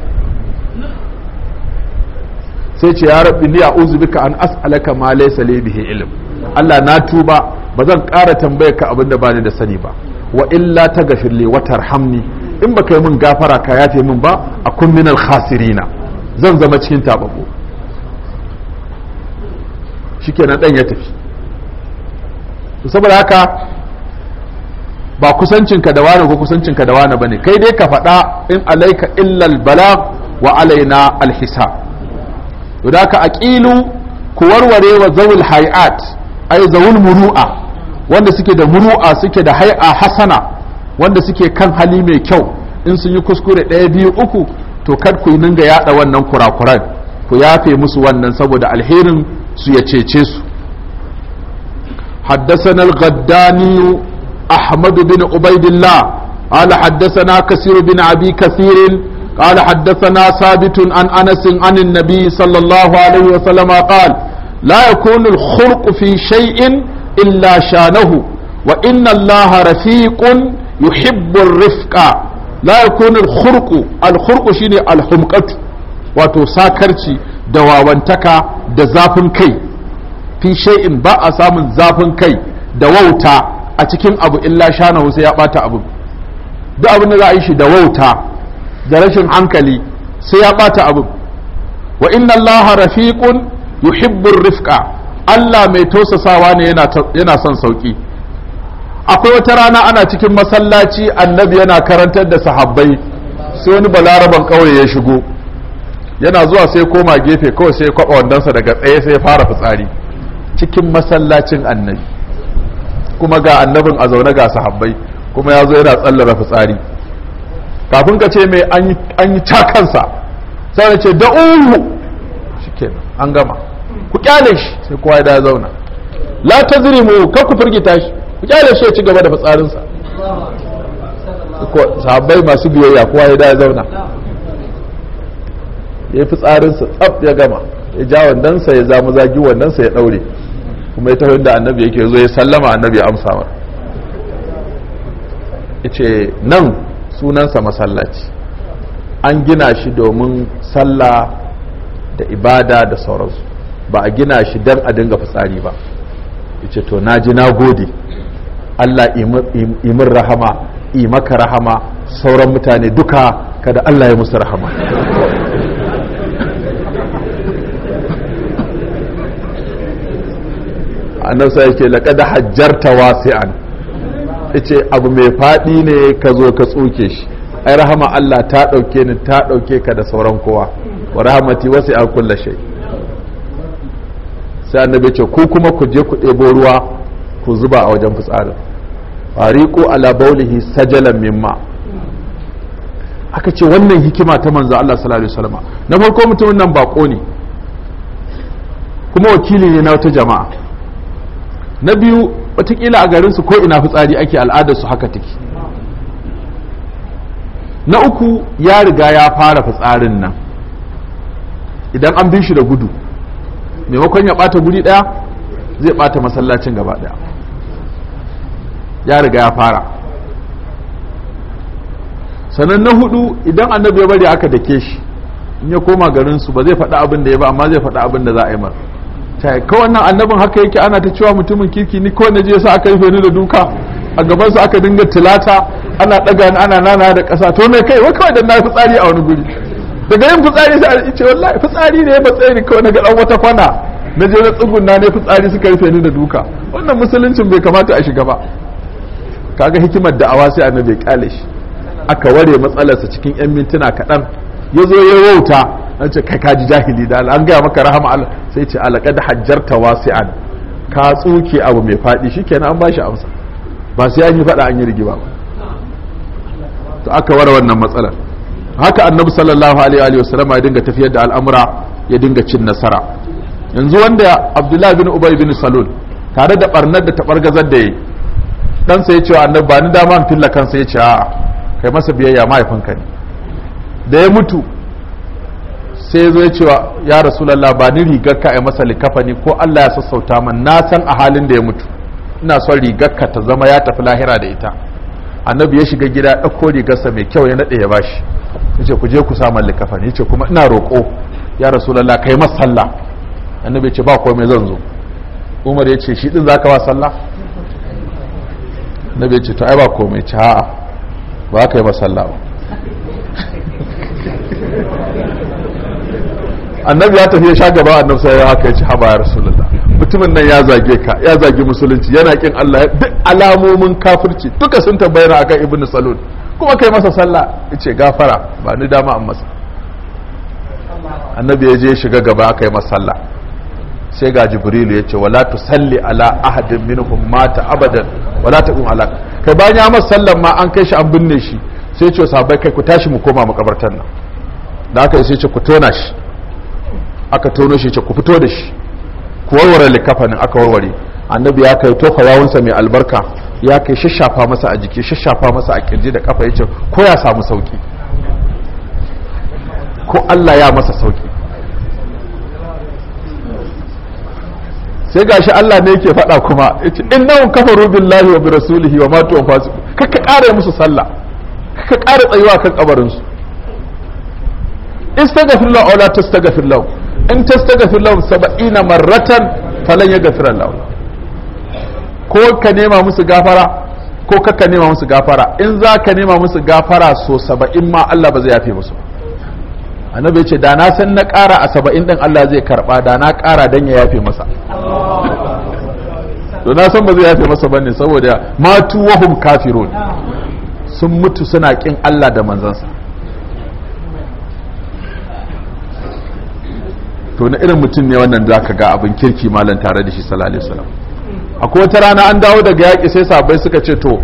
sai ce ya rabbi ni a'udhu bika an as'alaka ma laysa li bihi ilm Allah na tuba bazan zan ƙara tambayar ka abin da bani da sani ba wa illa tagfirli wa tarhamni in baka kai min gafara ka yafe mun ba a kun hasirina zan zama cikin tababo shikenan ɗan ya tafi saboda haka ba kusancinka da wani ko kusancinka da wani ne, kai dai ka faɗa in alaika illal bala wa alaina alhisa. to da a ƙilu ku warware wa zawul hayat ay zawul muru'a wanda suke da muru'a suke da hay'a hasana wanda suke kan hali mai kyau in sun yi kuskure ɗaya biyu uku to kar ku ninga yada wannan kurakuran ku yafe musu wannan saboda alherin su ya cece su حدثنا الغداني أحمد بن عبيد الله قال حدثنا كثير بن أبي كثير قال حدثنا ثابت عن أنس عن النبي صلى الله عليه وسلم قال لا يكون الخلق في شيء إلا شانه وإن الله رفيق yuhibbu rifqa la yakunu al shine al wato sakarci da wawantaka da zafin kai fi shay'in ba a samun zafin kai da wauta a cikin abu illa shanahu sai ya bata abu duk abin da za a yi shi da wauta da rashin hankali sai ya bata abu wa inna allaha rafiqun yuhibbu Allah mai tausasawa ne yana son sauki akwai wata rana ana cikin masallaci annabi yana karantar da sahabbai sai wani balaraban ƙauye ya shigo yana zuwa sai koma gefe kawai sai kwaɓa wandonsa daga tsaye sai ya fara fitsari cikin masallacin annabi kuma ga annabin a zaune ga sahabbai kuma ya zo yana tsallara fitsari kafin ka ce mai an yi cakansa, sai na ce da uhu shi an gama ku kyale shi sai kowa ya da zauna la ta zirimu ka ku firgita shi kyale shi ya ci gaba da fitsarinsa sahabbai masu biyayya kowa ya da zauna ya yi fitsarinsa tsaf ya gama ya ja wandansa ya zama zagi wandansa ya daure kuma ya tafi da annabi yake zo ya sallama annabi ya amsa mar ya ce nan sunansa masallaci an gina shi domin sallah da ibada da sauransu ba a gina shi don a dinga fitsari ba ya ce to na ji na gode Allah imin rahama imaka rahama sauran mutane duka kada Allah ya musu rahama annabi sai ce laqad hajjarta wasi'an yace abu mai faɗi ne ka zo ka tsuke shi ai rahama Allah ta ɗauke ni ta ɗauke ka da sauran kowa wa rahmati wasi'a kulla shai sai annabi ce ku kuma ku je ku ɗebo ruwa ku zuba a wajen fitsarin fariqu ala baulihi sajalan mimma aka ce wannan hikima ta manzo Allah sallallahu alaihi wasallam na farko mutumin nan bako ne kuma wakili ne na wata jama'a na biyu watakila a garin su ko ina fitsari ake su haka take na uku ya riga ya fara fitsarin nan idan an bin shi da gudu maimakon ya bata guri daya zai bata masallacin gaba daya ya riga ya fara sannan na hudu idan annabi ya bari aka dake shi in ya koma garin su ba zai faɗi abin da ya ba amma zai faɗi abin da za a yi mar ta ka wannan annabin haka yake ana ta cewa mutumin kirki ni kawai je sa aka rufe ni da duka a gaban su aka dinga tilata ana daga ni ana nana da kasa to me kai wai kawai dan na fitsari a wani guri daga yin fitsari sai a ce wallahi fitsari ne ya batsaye ni kawai na ga dan wata kwana na je na tsugunna ne fitsari suka rufe ni da duka wannan musuluncin bai kamata a shiga ba kaga hikimar da'awa sai annabi ya kyale shi aka ware matsalarsa cikin 'yan mintuna kaɗan ya zo ya wauta an ce kai kaji jahili da an gaya maka rahama Allah sai ce alaƙad hajjarta wasi'an ka tsuke abu mai faɗi shikenan an bashi amsa ba sai an yi faɗa an yi rigima ba to aka ware wannan matsalar haka annabi sallallahu alaihi wa sallam ya dinga tafiyar da al'amura ya dinga cin nasara yanzu wanda Abdullahi bin Ubay bin Salul tare da barnar da tabargazar da yi ɗansa ya ce wa annabi ba ni dama in filla kansa ya ce a'a kai masa biyayya mahaifinka ne da ya mutu sai ya zo ya ce wa ya rasulallah ba ni rigar ka a masa likafani ko Allah ya sassauta man na san a halin da ya mutu ina son rigar ka ta zama ya tafi lahira da ita annabi ya shiga gida ya ɗauko rigarsa mai kyau ya naɗe ya bashi Ya ce ku je ku samu likafani yace kuma ina roƙo ya rasulallah kai masa sallah annabi ya ce ba komai zan zo umar ya ce shi din zaka ba sallah na bai ce to ai ba komai ci ha'a ba ka yi masalla ba annabi ya tafiye sha gaba annabi sai ya haka ya ci haba ya mutumin nan ya zage ka ya zage musulunci yana kin Allah duk alamomin kafirci duka sun tabbayar akan ibn salud kuma kai masa sallah ce gafara ba ni dama an masa annabi ya je shiga gaba aka yi masa sallah sai ga jibrilu ya ce wala tusalli ala ahadin minhum mata abadan wala kun halaka kai bayan ya masa sallan ma an kai shi an binne shi sai ce sahabbai kai ku tashi mu koma makabartan nan da aka sai ce ku tona shi aka tono shi ce ku fito da shi ku warware likafanin aka warware annabi ya kai tofa yawunsa mai albarka ya kai shashafa masa a jiki shashafa masa a kirji da kafa yace ko ya samu sauki ko Allah ya masa sauki sai gashi Allah ne yake faɗa kuma yace innahum kafaru billahi wa bi rasulihi wa matu wa kaka ƙara musu sallah kaka ƙara tsayuwa kan kabarin su istaghfir lahu aw la tastaghfir lahu in tastaghfir lahu 70 marratan falan yaghfir lahu ko ka nema musu gafara ko kaka nema musu gafara in za ka nema musu gafara so 70 ma Allah ba zai yafe musu ba annabi ce da na san na kara a saba'in ɗin Allah zai karba da na kara dan ya yafe masa to na san ba zai yafe masa bane saboda matu wahum kafirun sun mutu suna kin Allah da manzansa to na irin mutum ne wannan za ka ga abin kirki malam tare da shi sallallahu alaihi wasallam akwai wata rana an dawo daga yaƙi sai sabai suka ce to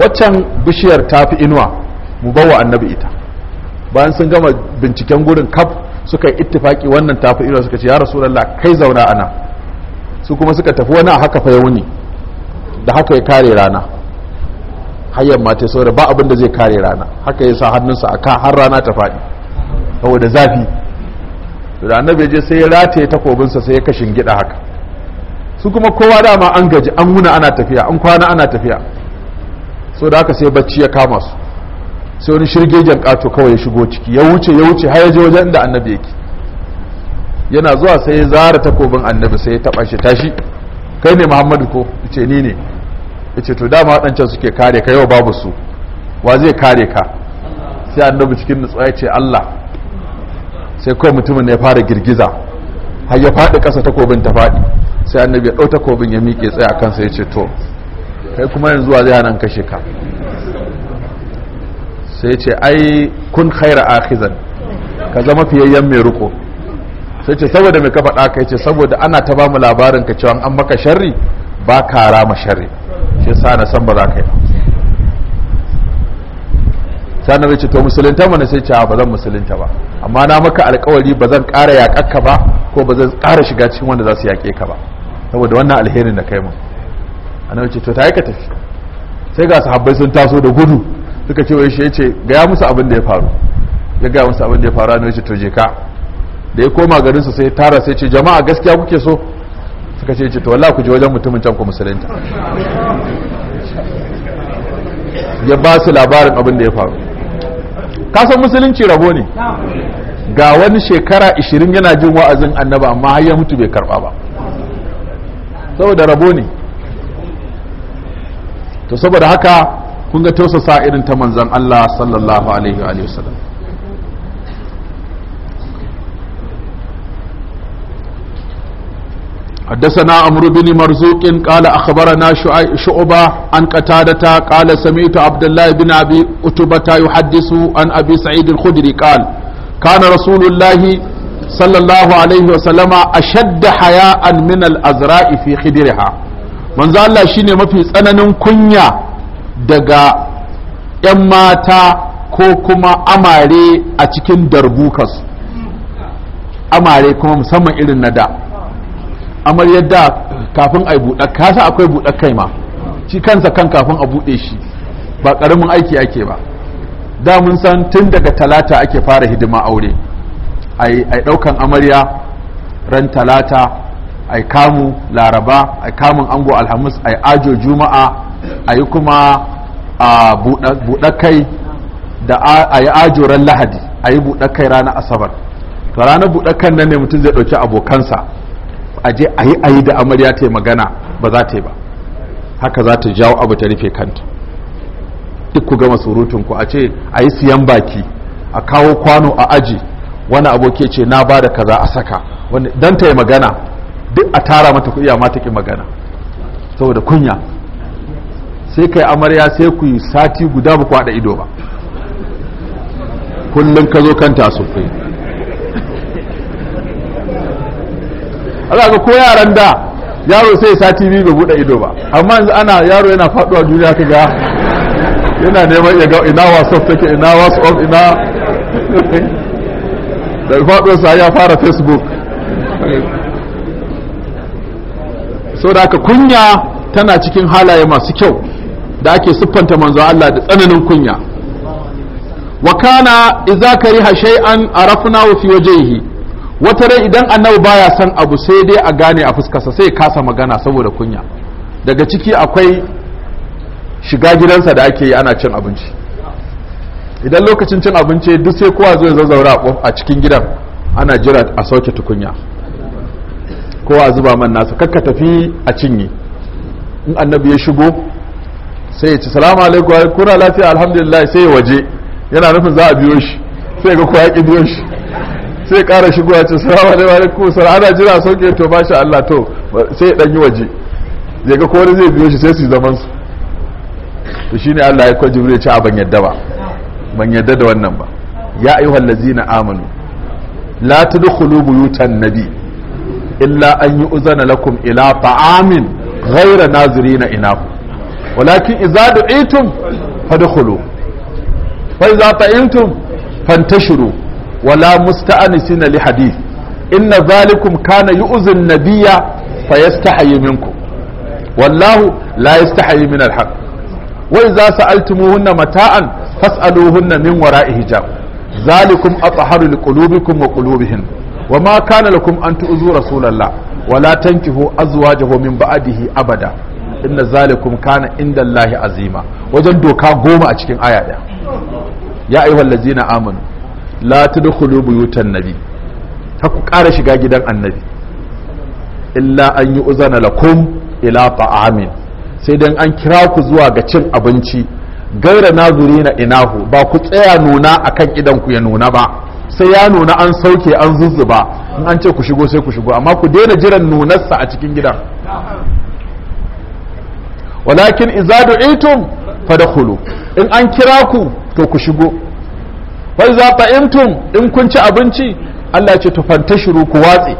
waccan bishiyar tafi inuwa mu bawa annabi ita bayan sun gama binciken gurin kaf suka yi ittifaki wannan tafi irin suka ce ya rasulullah kai zauna ana su kuma suka tafi wani a haka fa wuni da haka ya kare rana hayyar mata saboda ba abin da zai kare rana haka ya sa hannunsa a ka har rana ta faɗi saboda zafi da annabi je sai ya rataye takobinsa sai ya kashin gida haka su kuma kowa dama an gaji an wuna ana tafiya an kwana ana tafiya Sau da haka sai bacci ya kama su sai wani shirgejen kato kawai ya shigo ciki ya wuce ya wuce har ya je wajen da annabi yake yana zuwa sai ya zara takobin annabi sai ya taba shi tashi kai ne muhammadu ko ce ni ne yace to dama waɗancan suke kare ka yau babu su wa zai kare ka sai annabi cikin nutsuwa ya allah sai kawai mutumin ya fara girgiza har ya faɗi kasa takobin ta faɗi sai annabi ya ɗau takobin ya miƙe tsaye a kansa ya to kai kuma yanzu wa zai hana kashe ka sai ce ai kun khaira akhizan ka zama fiyayyen mai riko sai ce saboda mai kafa faɗa ce saboda ana ta bamu labarin ka cewa an maka sharri ba ka rama sharri shi sa na san ba za ka yi sai na ce to musulunta mana sai ce ba zan musulunta ba amma na maka alkawari ba zan ƙara yaƙakka ba ko ba zan ƙara shiga cikin wanda za su yaƙe ka ba saboda wannan alherin da kai mun annabi ce to ta ka tafi sai ga sahabbai sun taso da gudu suka ce wai shi yace ga gaya musu abin da ya faru ya gaya musu abin da ya faru ne ce to je ka da ya koma su sai tara sai ce jama'a gaskiya kuke so suka ce ce to wallahi ku je wajen mutumin can ku musulunta ya ba su labarin abin da ya faru Ka san musulunci rabo ne ga wani shekara 20 yana jin wa'azin annaba amma har ya mutu bai karba ba saboda rabo ne to saboda haka kun ga tausasa irin ta manzan Allah sallallahu alaihi wa sallam حدثنا عمرو بن مرزوق قال أخبرنا شعبة عن قتادة قال سمعت عبد الله بن أبي أتبة يحدث عن أبي سعيد الخدري قال كان رسول الله صلى الله عليه وسلم أشد حياء من الأزراء في خدرها من الله شيني ما في سنن كنيا daga 'yan mata ko kuma amare a cikin darbukas amare kuma musamman irin na da amaryar da kafin a yi buɗa kasa akwai buɗa kai ma shi kansa kan kafin a buɗe shi ba ƙaramin aiki ake ba da mun san tun daga talata ake fara hidima aure a ɗaukan amarya ran talata ai kamu laraba ai kamun ango alhamis ai ajo juma'a ai kuma a buɗa da ai ajo ran lahadi ai buɗa kai ranar asabar to ranar buɗakan kan nan ne mutum zai ɗauki abokansa a je ayi ayi da amarya ta yi magana ba za ta yi ba haka za ta jawo abu ta rufe kanta duk ku gama surutun ku a ce a yi siyan baki a kawo kwano a aji wani aboki ce na ba da kaza a saka dan ta yi magana duk a tara mata kuɗi amma ta ki magana saboda kunya sai kai amarya sai ku yi sati guda ba ku haɗa ido ba kullum ka zo kanta a sufi ga ko yaran da yaro sai sati biyu ba buɗe ido ba amma yanzu ana yaro yana faɗuwa duniya ka ga yana neman ya ga ina wasu take ina of ina <laughs> da faɗuwa sa ya fara facebook sau da haka kunya tana cikin halaye masu kyau da ake siffanta manzo Allah da tsananin kunya wa kana idza kariha shay'an arafnahu fi wajhihi wata rai idan annabi baya san abu sai dai a gane a fuskarsa sai kasa magana saboda kunya daga ciki akwai shiga gidansa da ake yi ana cin abinci idan lokacin cin abinci duk sai kowa zo zazzaura a cikin gidan ana jira a sauke tukunya kowa a zuba man nasa kakka tafi a cinye in annabi ya shigo sai ya ci salamu alaikum kuna lafiya alhamdulillah sai ya waje yana nufin za a biyo shi sai ga kowa ya biyo shi sai ƙara shigo ya ci salamu alaikum sara ana jira sauke to ba shi Allah to sai ya dan yi waje zai ga kowa zai biyo shi sai su zaman su to shine Allah ya kwaji ya ce a ban yadda ba ban yadda da wannan ba ya ayyuhallazina amanu la tadkhulu buyutan nabiy illa an yi uzana lakum ila ta'amin ghaira nazirina ina walakin idza du'itum fadkhulu fa idza ta'intum fantashiru wala musta'anisina li hadith inna zalikum kana yu'zi an-nabiyya fayastahi minkum wallahu la yastahi min al-haq wa idza sa'altumuhunna mata'an fas'aluhunna min wara'i hijab zalikum athaharu liqulubikum wa qulubihim wa ma kana lakum an tu'zu rasulallah wa la tankihu azwajahu min ba'dihi abada inna zalikum kana inda azima wajen doka goma a cikin aya ɗaya ya ayyuhal ladzina amanu la tadkhulu buyutan nabi ta ku ƙara shiga gidan annabi illa an yi uzana lakum ila ta'amin sai dan an kira ku zuwa ga cin abinci gaira nazuri na inahu ba ku tsaya nuna akan idan ku ya nuna ba sai ya nuna an sauke an zuzzuba in an ce ku shigo sai ku shigo amma ku daina jiran nunarsa a cikin gidan walakin iza du'itum fadkhulu in an kira ku to ku shigo wa iza ta'imtum in kun ci abinci Allah ce to fantashiru ku watse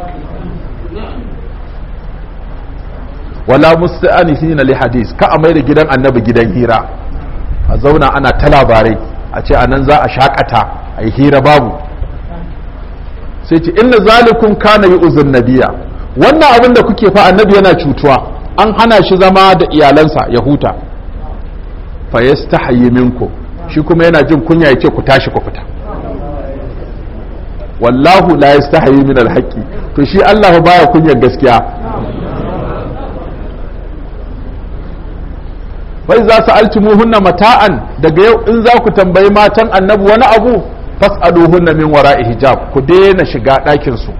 wala musta'anisina li hadis ka a mai da gidan annabi gidan hira a zauna ana ta labarai a ce anan za a shakata a yi hira babu sai ce inna zalikum kana yu'zun nabiyya wannan abin da kuke fa annabi yana cutuwa an hana shi zama da iyalansa ya huta fa yastahi minkum shi kuma yana jin kunya ya ce ku tashi ku fita wallahu la yastahi min alhaqi to shi Allah baya kunyar gaskiya bai za su altumuhunna mata'an daga yau in za ku tambayi matan annabi wani abu fas'aluhunna min wara'i hijab ku daina shiga ɗakin su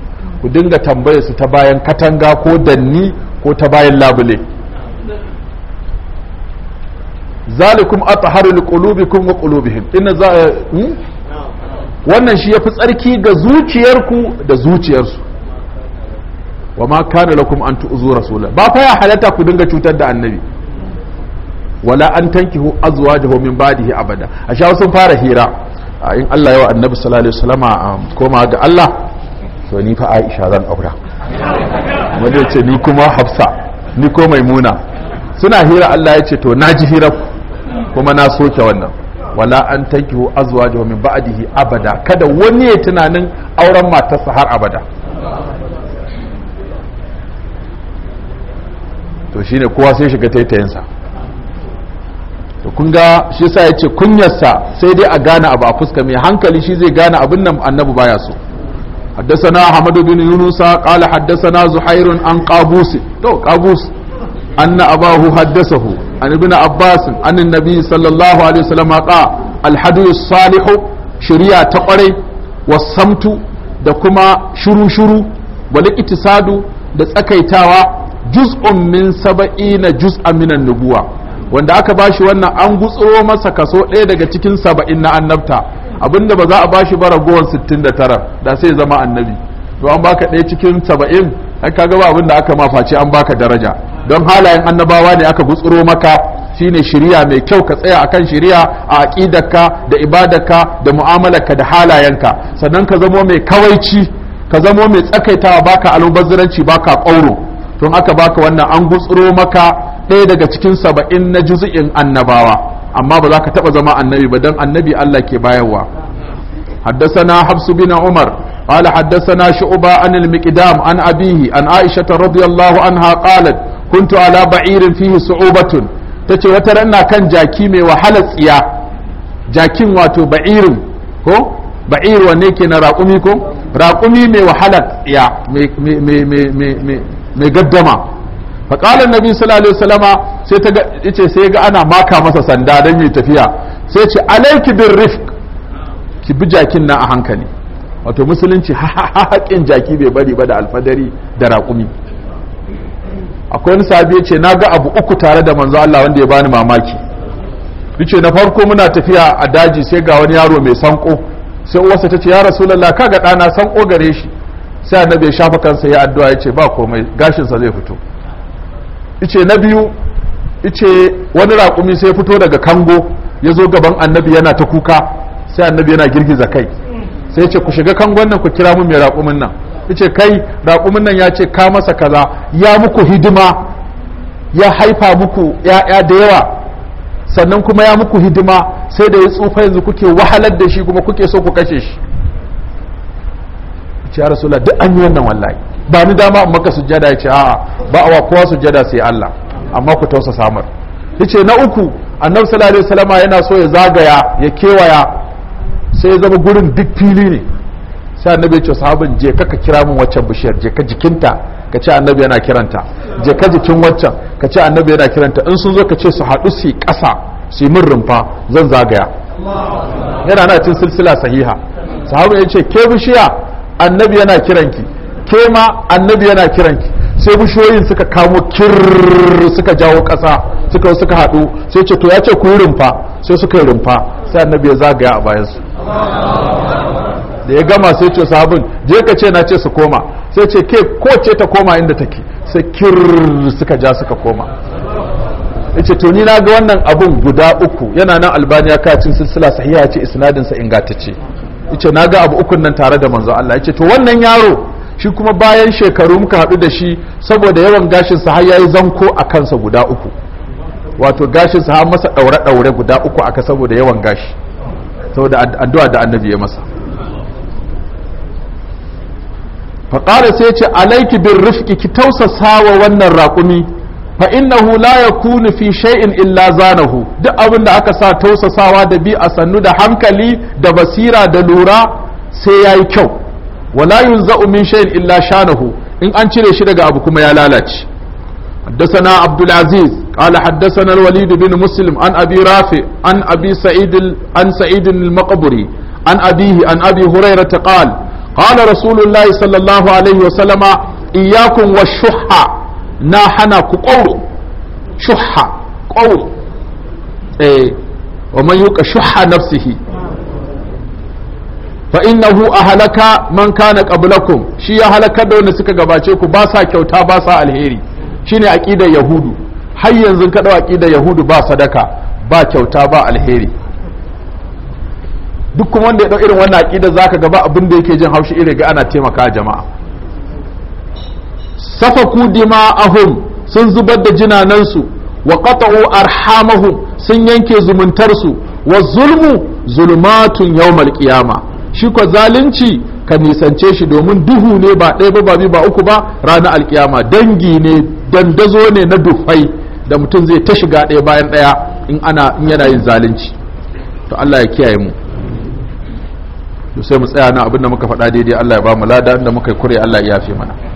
ku dinga tambayar su ta bayan katanga ko danni ko ta bayan labule zalikum atharu liqulubikum wa qulubihim inna za eh, hmm? wannan shi yafi tsarki ga zuciyarku da zuciyarsu wa ma kana lakum an tu'zu rasulullah ba fa ya halatta ku dinga cutar da annabi wala an tankihu azwajahu min ba'dihi abada a sun fara hira in Allah yawa annabi sallallahu alaihi wasallama um, koma ga Allah to ni fa Aisha zan aura wanda ya ni kuma Hafsa ni ko Maimuna suna hira Allah ya ce to na ji hira kuma na soke wannan wala an tankihu azwajahu min ba'dihi abada kada wani ya tunanin auren matarsa har abada to shine kowa sai shiga taitayinsa Da kunga ga shi sa ya ce kunyarsa sai dai a gane abu a fuska mai hankali shi zai gane abin nan annabi baya so haddasana hamadu bin yunusa qala haddasana zuhairun an qabus to qabus anna abahu an ibn abbas an annabi sallallahu alaihi wasallam qa al hadith salih shari'a ta kwarai wa da kuma shuru shuru wa likitisadu da tsakaitawa juz'un min saba'ina juz'a minan nubuwa wanda aka bashi wannan an gutsuro masa kaso ɗaya daga cikin saba'in na annabta abinda ba za a bashi ba ragowar sittin da tara da sai zama annabi to an baka ɗaya cikin saba'in ai kaga ba abinda aka ma face an baka daraja don halayen annabawa ne aka gutsuro maka shine shiriya mai kyau ka tsaya akan shiriya a aqidarka da ibadarka da mu'amalarka da halayenka sannan ka zamo mai kawaici ka zamo mai tsakaitawa baka alubazziranci baka kauro tun aka baka wannan an gutsuro maka ɗaya daga cikin saba'in na juzu'in annabawa amma ba za ka taɓa zama annabi ba don annabi Allah ke bayarwa haddasana habsu bin umar قال حدثنا شعبة عن المقدام عن أبيه عن عائشة رضي الله عنها قالت كنت على بعير فيه صعوبة تتي وترنا كان جاكي مي وحلت يا جاكي واتو بعير كو بعير ونيكي نراقمي كو راقمي مي وحلت يا مي مي مي مي مي, مي, مي قدما faƙalar nabi annabi sallallahu alaihi sai ta ga sai ga ana maka masa sanda don yi tafiya sai ce alaiki bin rif ki bi jakin na a hankali wato musulunci haƙin jaki bai bari ba da alfadari da raƙumi akwai wani sabi ce na ga abu uku tare da manzo Allah wanda ya bani mamaki yace na farko muna tafiya a daji sai ga wani yaro mai sanko sai uwarsa ta ce ya rasulullah kaga ɗana sanko gare shi sai annabi ya shafa kansa ya addu'a ya ce ba komai gashinsa zai fito ice na biyu ice wani raƙumi sai fito daga kango ya zo gaban annabi yana ta kuka sai annabi yana girgiza kai sai ce ku shiga kangon nan ku kira mun mai raƙumin nan ice kai raƙumin nan ya ce ka masa kaza ya muku hidima ya haifa muku ya'ya da yawa sannan kuma ya muku hidima sai da ya tsufa yanzu kuke wahalar da shi kuma kuke so ku kashe shi ya rasula duk an yi wannan wallahi ba ni dama in maka sujjada ya ce a'a ba a kowa sujjada sai Allah amma ku tausa samar yace na uku annabi sallallahu alaihi wasallama yana so ya zagaya ya kewaya sai ya zama gurin duk fili ne sai annabi ya ce sahabin je ka kira min waccan bishiyar je ka jikinta ka ce annabi yana kiranta je ka jikin waccan ka ce annabi yana kiranta in sun zo ka ce su haɗu su yi ƙasa su yi min rumfa zan zagaya yana na cin silsila sahiha sahabin ya ce ke bishiya annabi yana kiranki ke ma annabi yana kiranki sai bishiyoyin suka kamo kirr suka jawo ƙasa suka suka haɗu sai ce to ya ce ku yi rumfa sai suka yi rumfa sai annabi ya zagaya a bayansu da ya gama sai ce sabon je ka ce na ce su koma sai ce ke ko ce ta koma inda take sai kirr suka ja suka koma yace to ni na ga wannan abun guda uku yana nan albaniya kacin silsila sahiha ce isnadinsa sa ya yace na ga abu ukun nan tare da manzo Allah yace to wannan yaro shi kuma bayan shekaru muka haɗu da shi saboda yawan gashinsa har ya yi zanko a kansa guda uku wato gashinsa har masa ɗaure-ɗaure guda uku aka saboda yawan gashi saboda addu'a da annabi ya masa faƙara sai ce alaiki bin rifqi ki tausasa wa wannan raƙumi fa innahu la yakunu fi shay'in illa zanahu duk abin da aka sa tausasawa da bi a sannu da hankali da basira da lura sai yayi kyau wala yunza'u min shay'in illa shanahu in an cire shi daga abu kuma ya lalace حدثنا عبد العزيز قال حدثنا الوليد بن مسلم عن ابي رافع عن ابي سعيد ال... عن سعيد المقبري عن ابيه عن ابي هريره قال قال رسول الله صلى الله عليه وسلم اياكم والشح ناحنا قول شح قول إيه ومن يوق شح نفسه fa innahu ahlaka man kana qablakum shi ya halakar da wanda suka gabace ku ba sa kyauta ba sa alheri shine aqida yahudu har yanzu ka dau aqida yahudu ba sadaka ba kyauta ba alheri duk kuma wanda ya dau irin wannan aqida zaka ga ba abin da yake jin haushi irin ga ana taimaka jama'a safaku dima'ahum sun zubar da jinanansu wa qata'u arhamahum sun yanke zumuntarsu wa zulmu zulmatun yawmal qiyamah shi ko zalunci ka nisance shi domin duhu ne ba ɗaya ba ba biyu ba uku ba ranar alkiyama dangi ne dandazo ne na dufai da mutum zai ta shiga ɗaya bayan ɗaya in ana in yana yin zalunci to Allah ya kiyaye mu to sai mu tsaya na abin da muka faɗa daidai Allah ya ba mu lada inda muka yi kure Allah ya yafe mana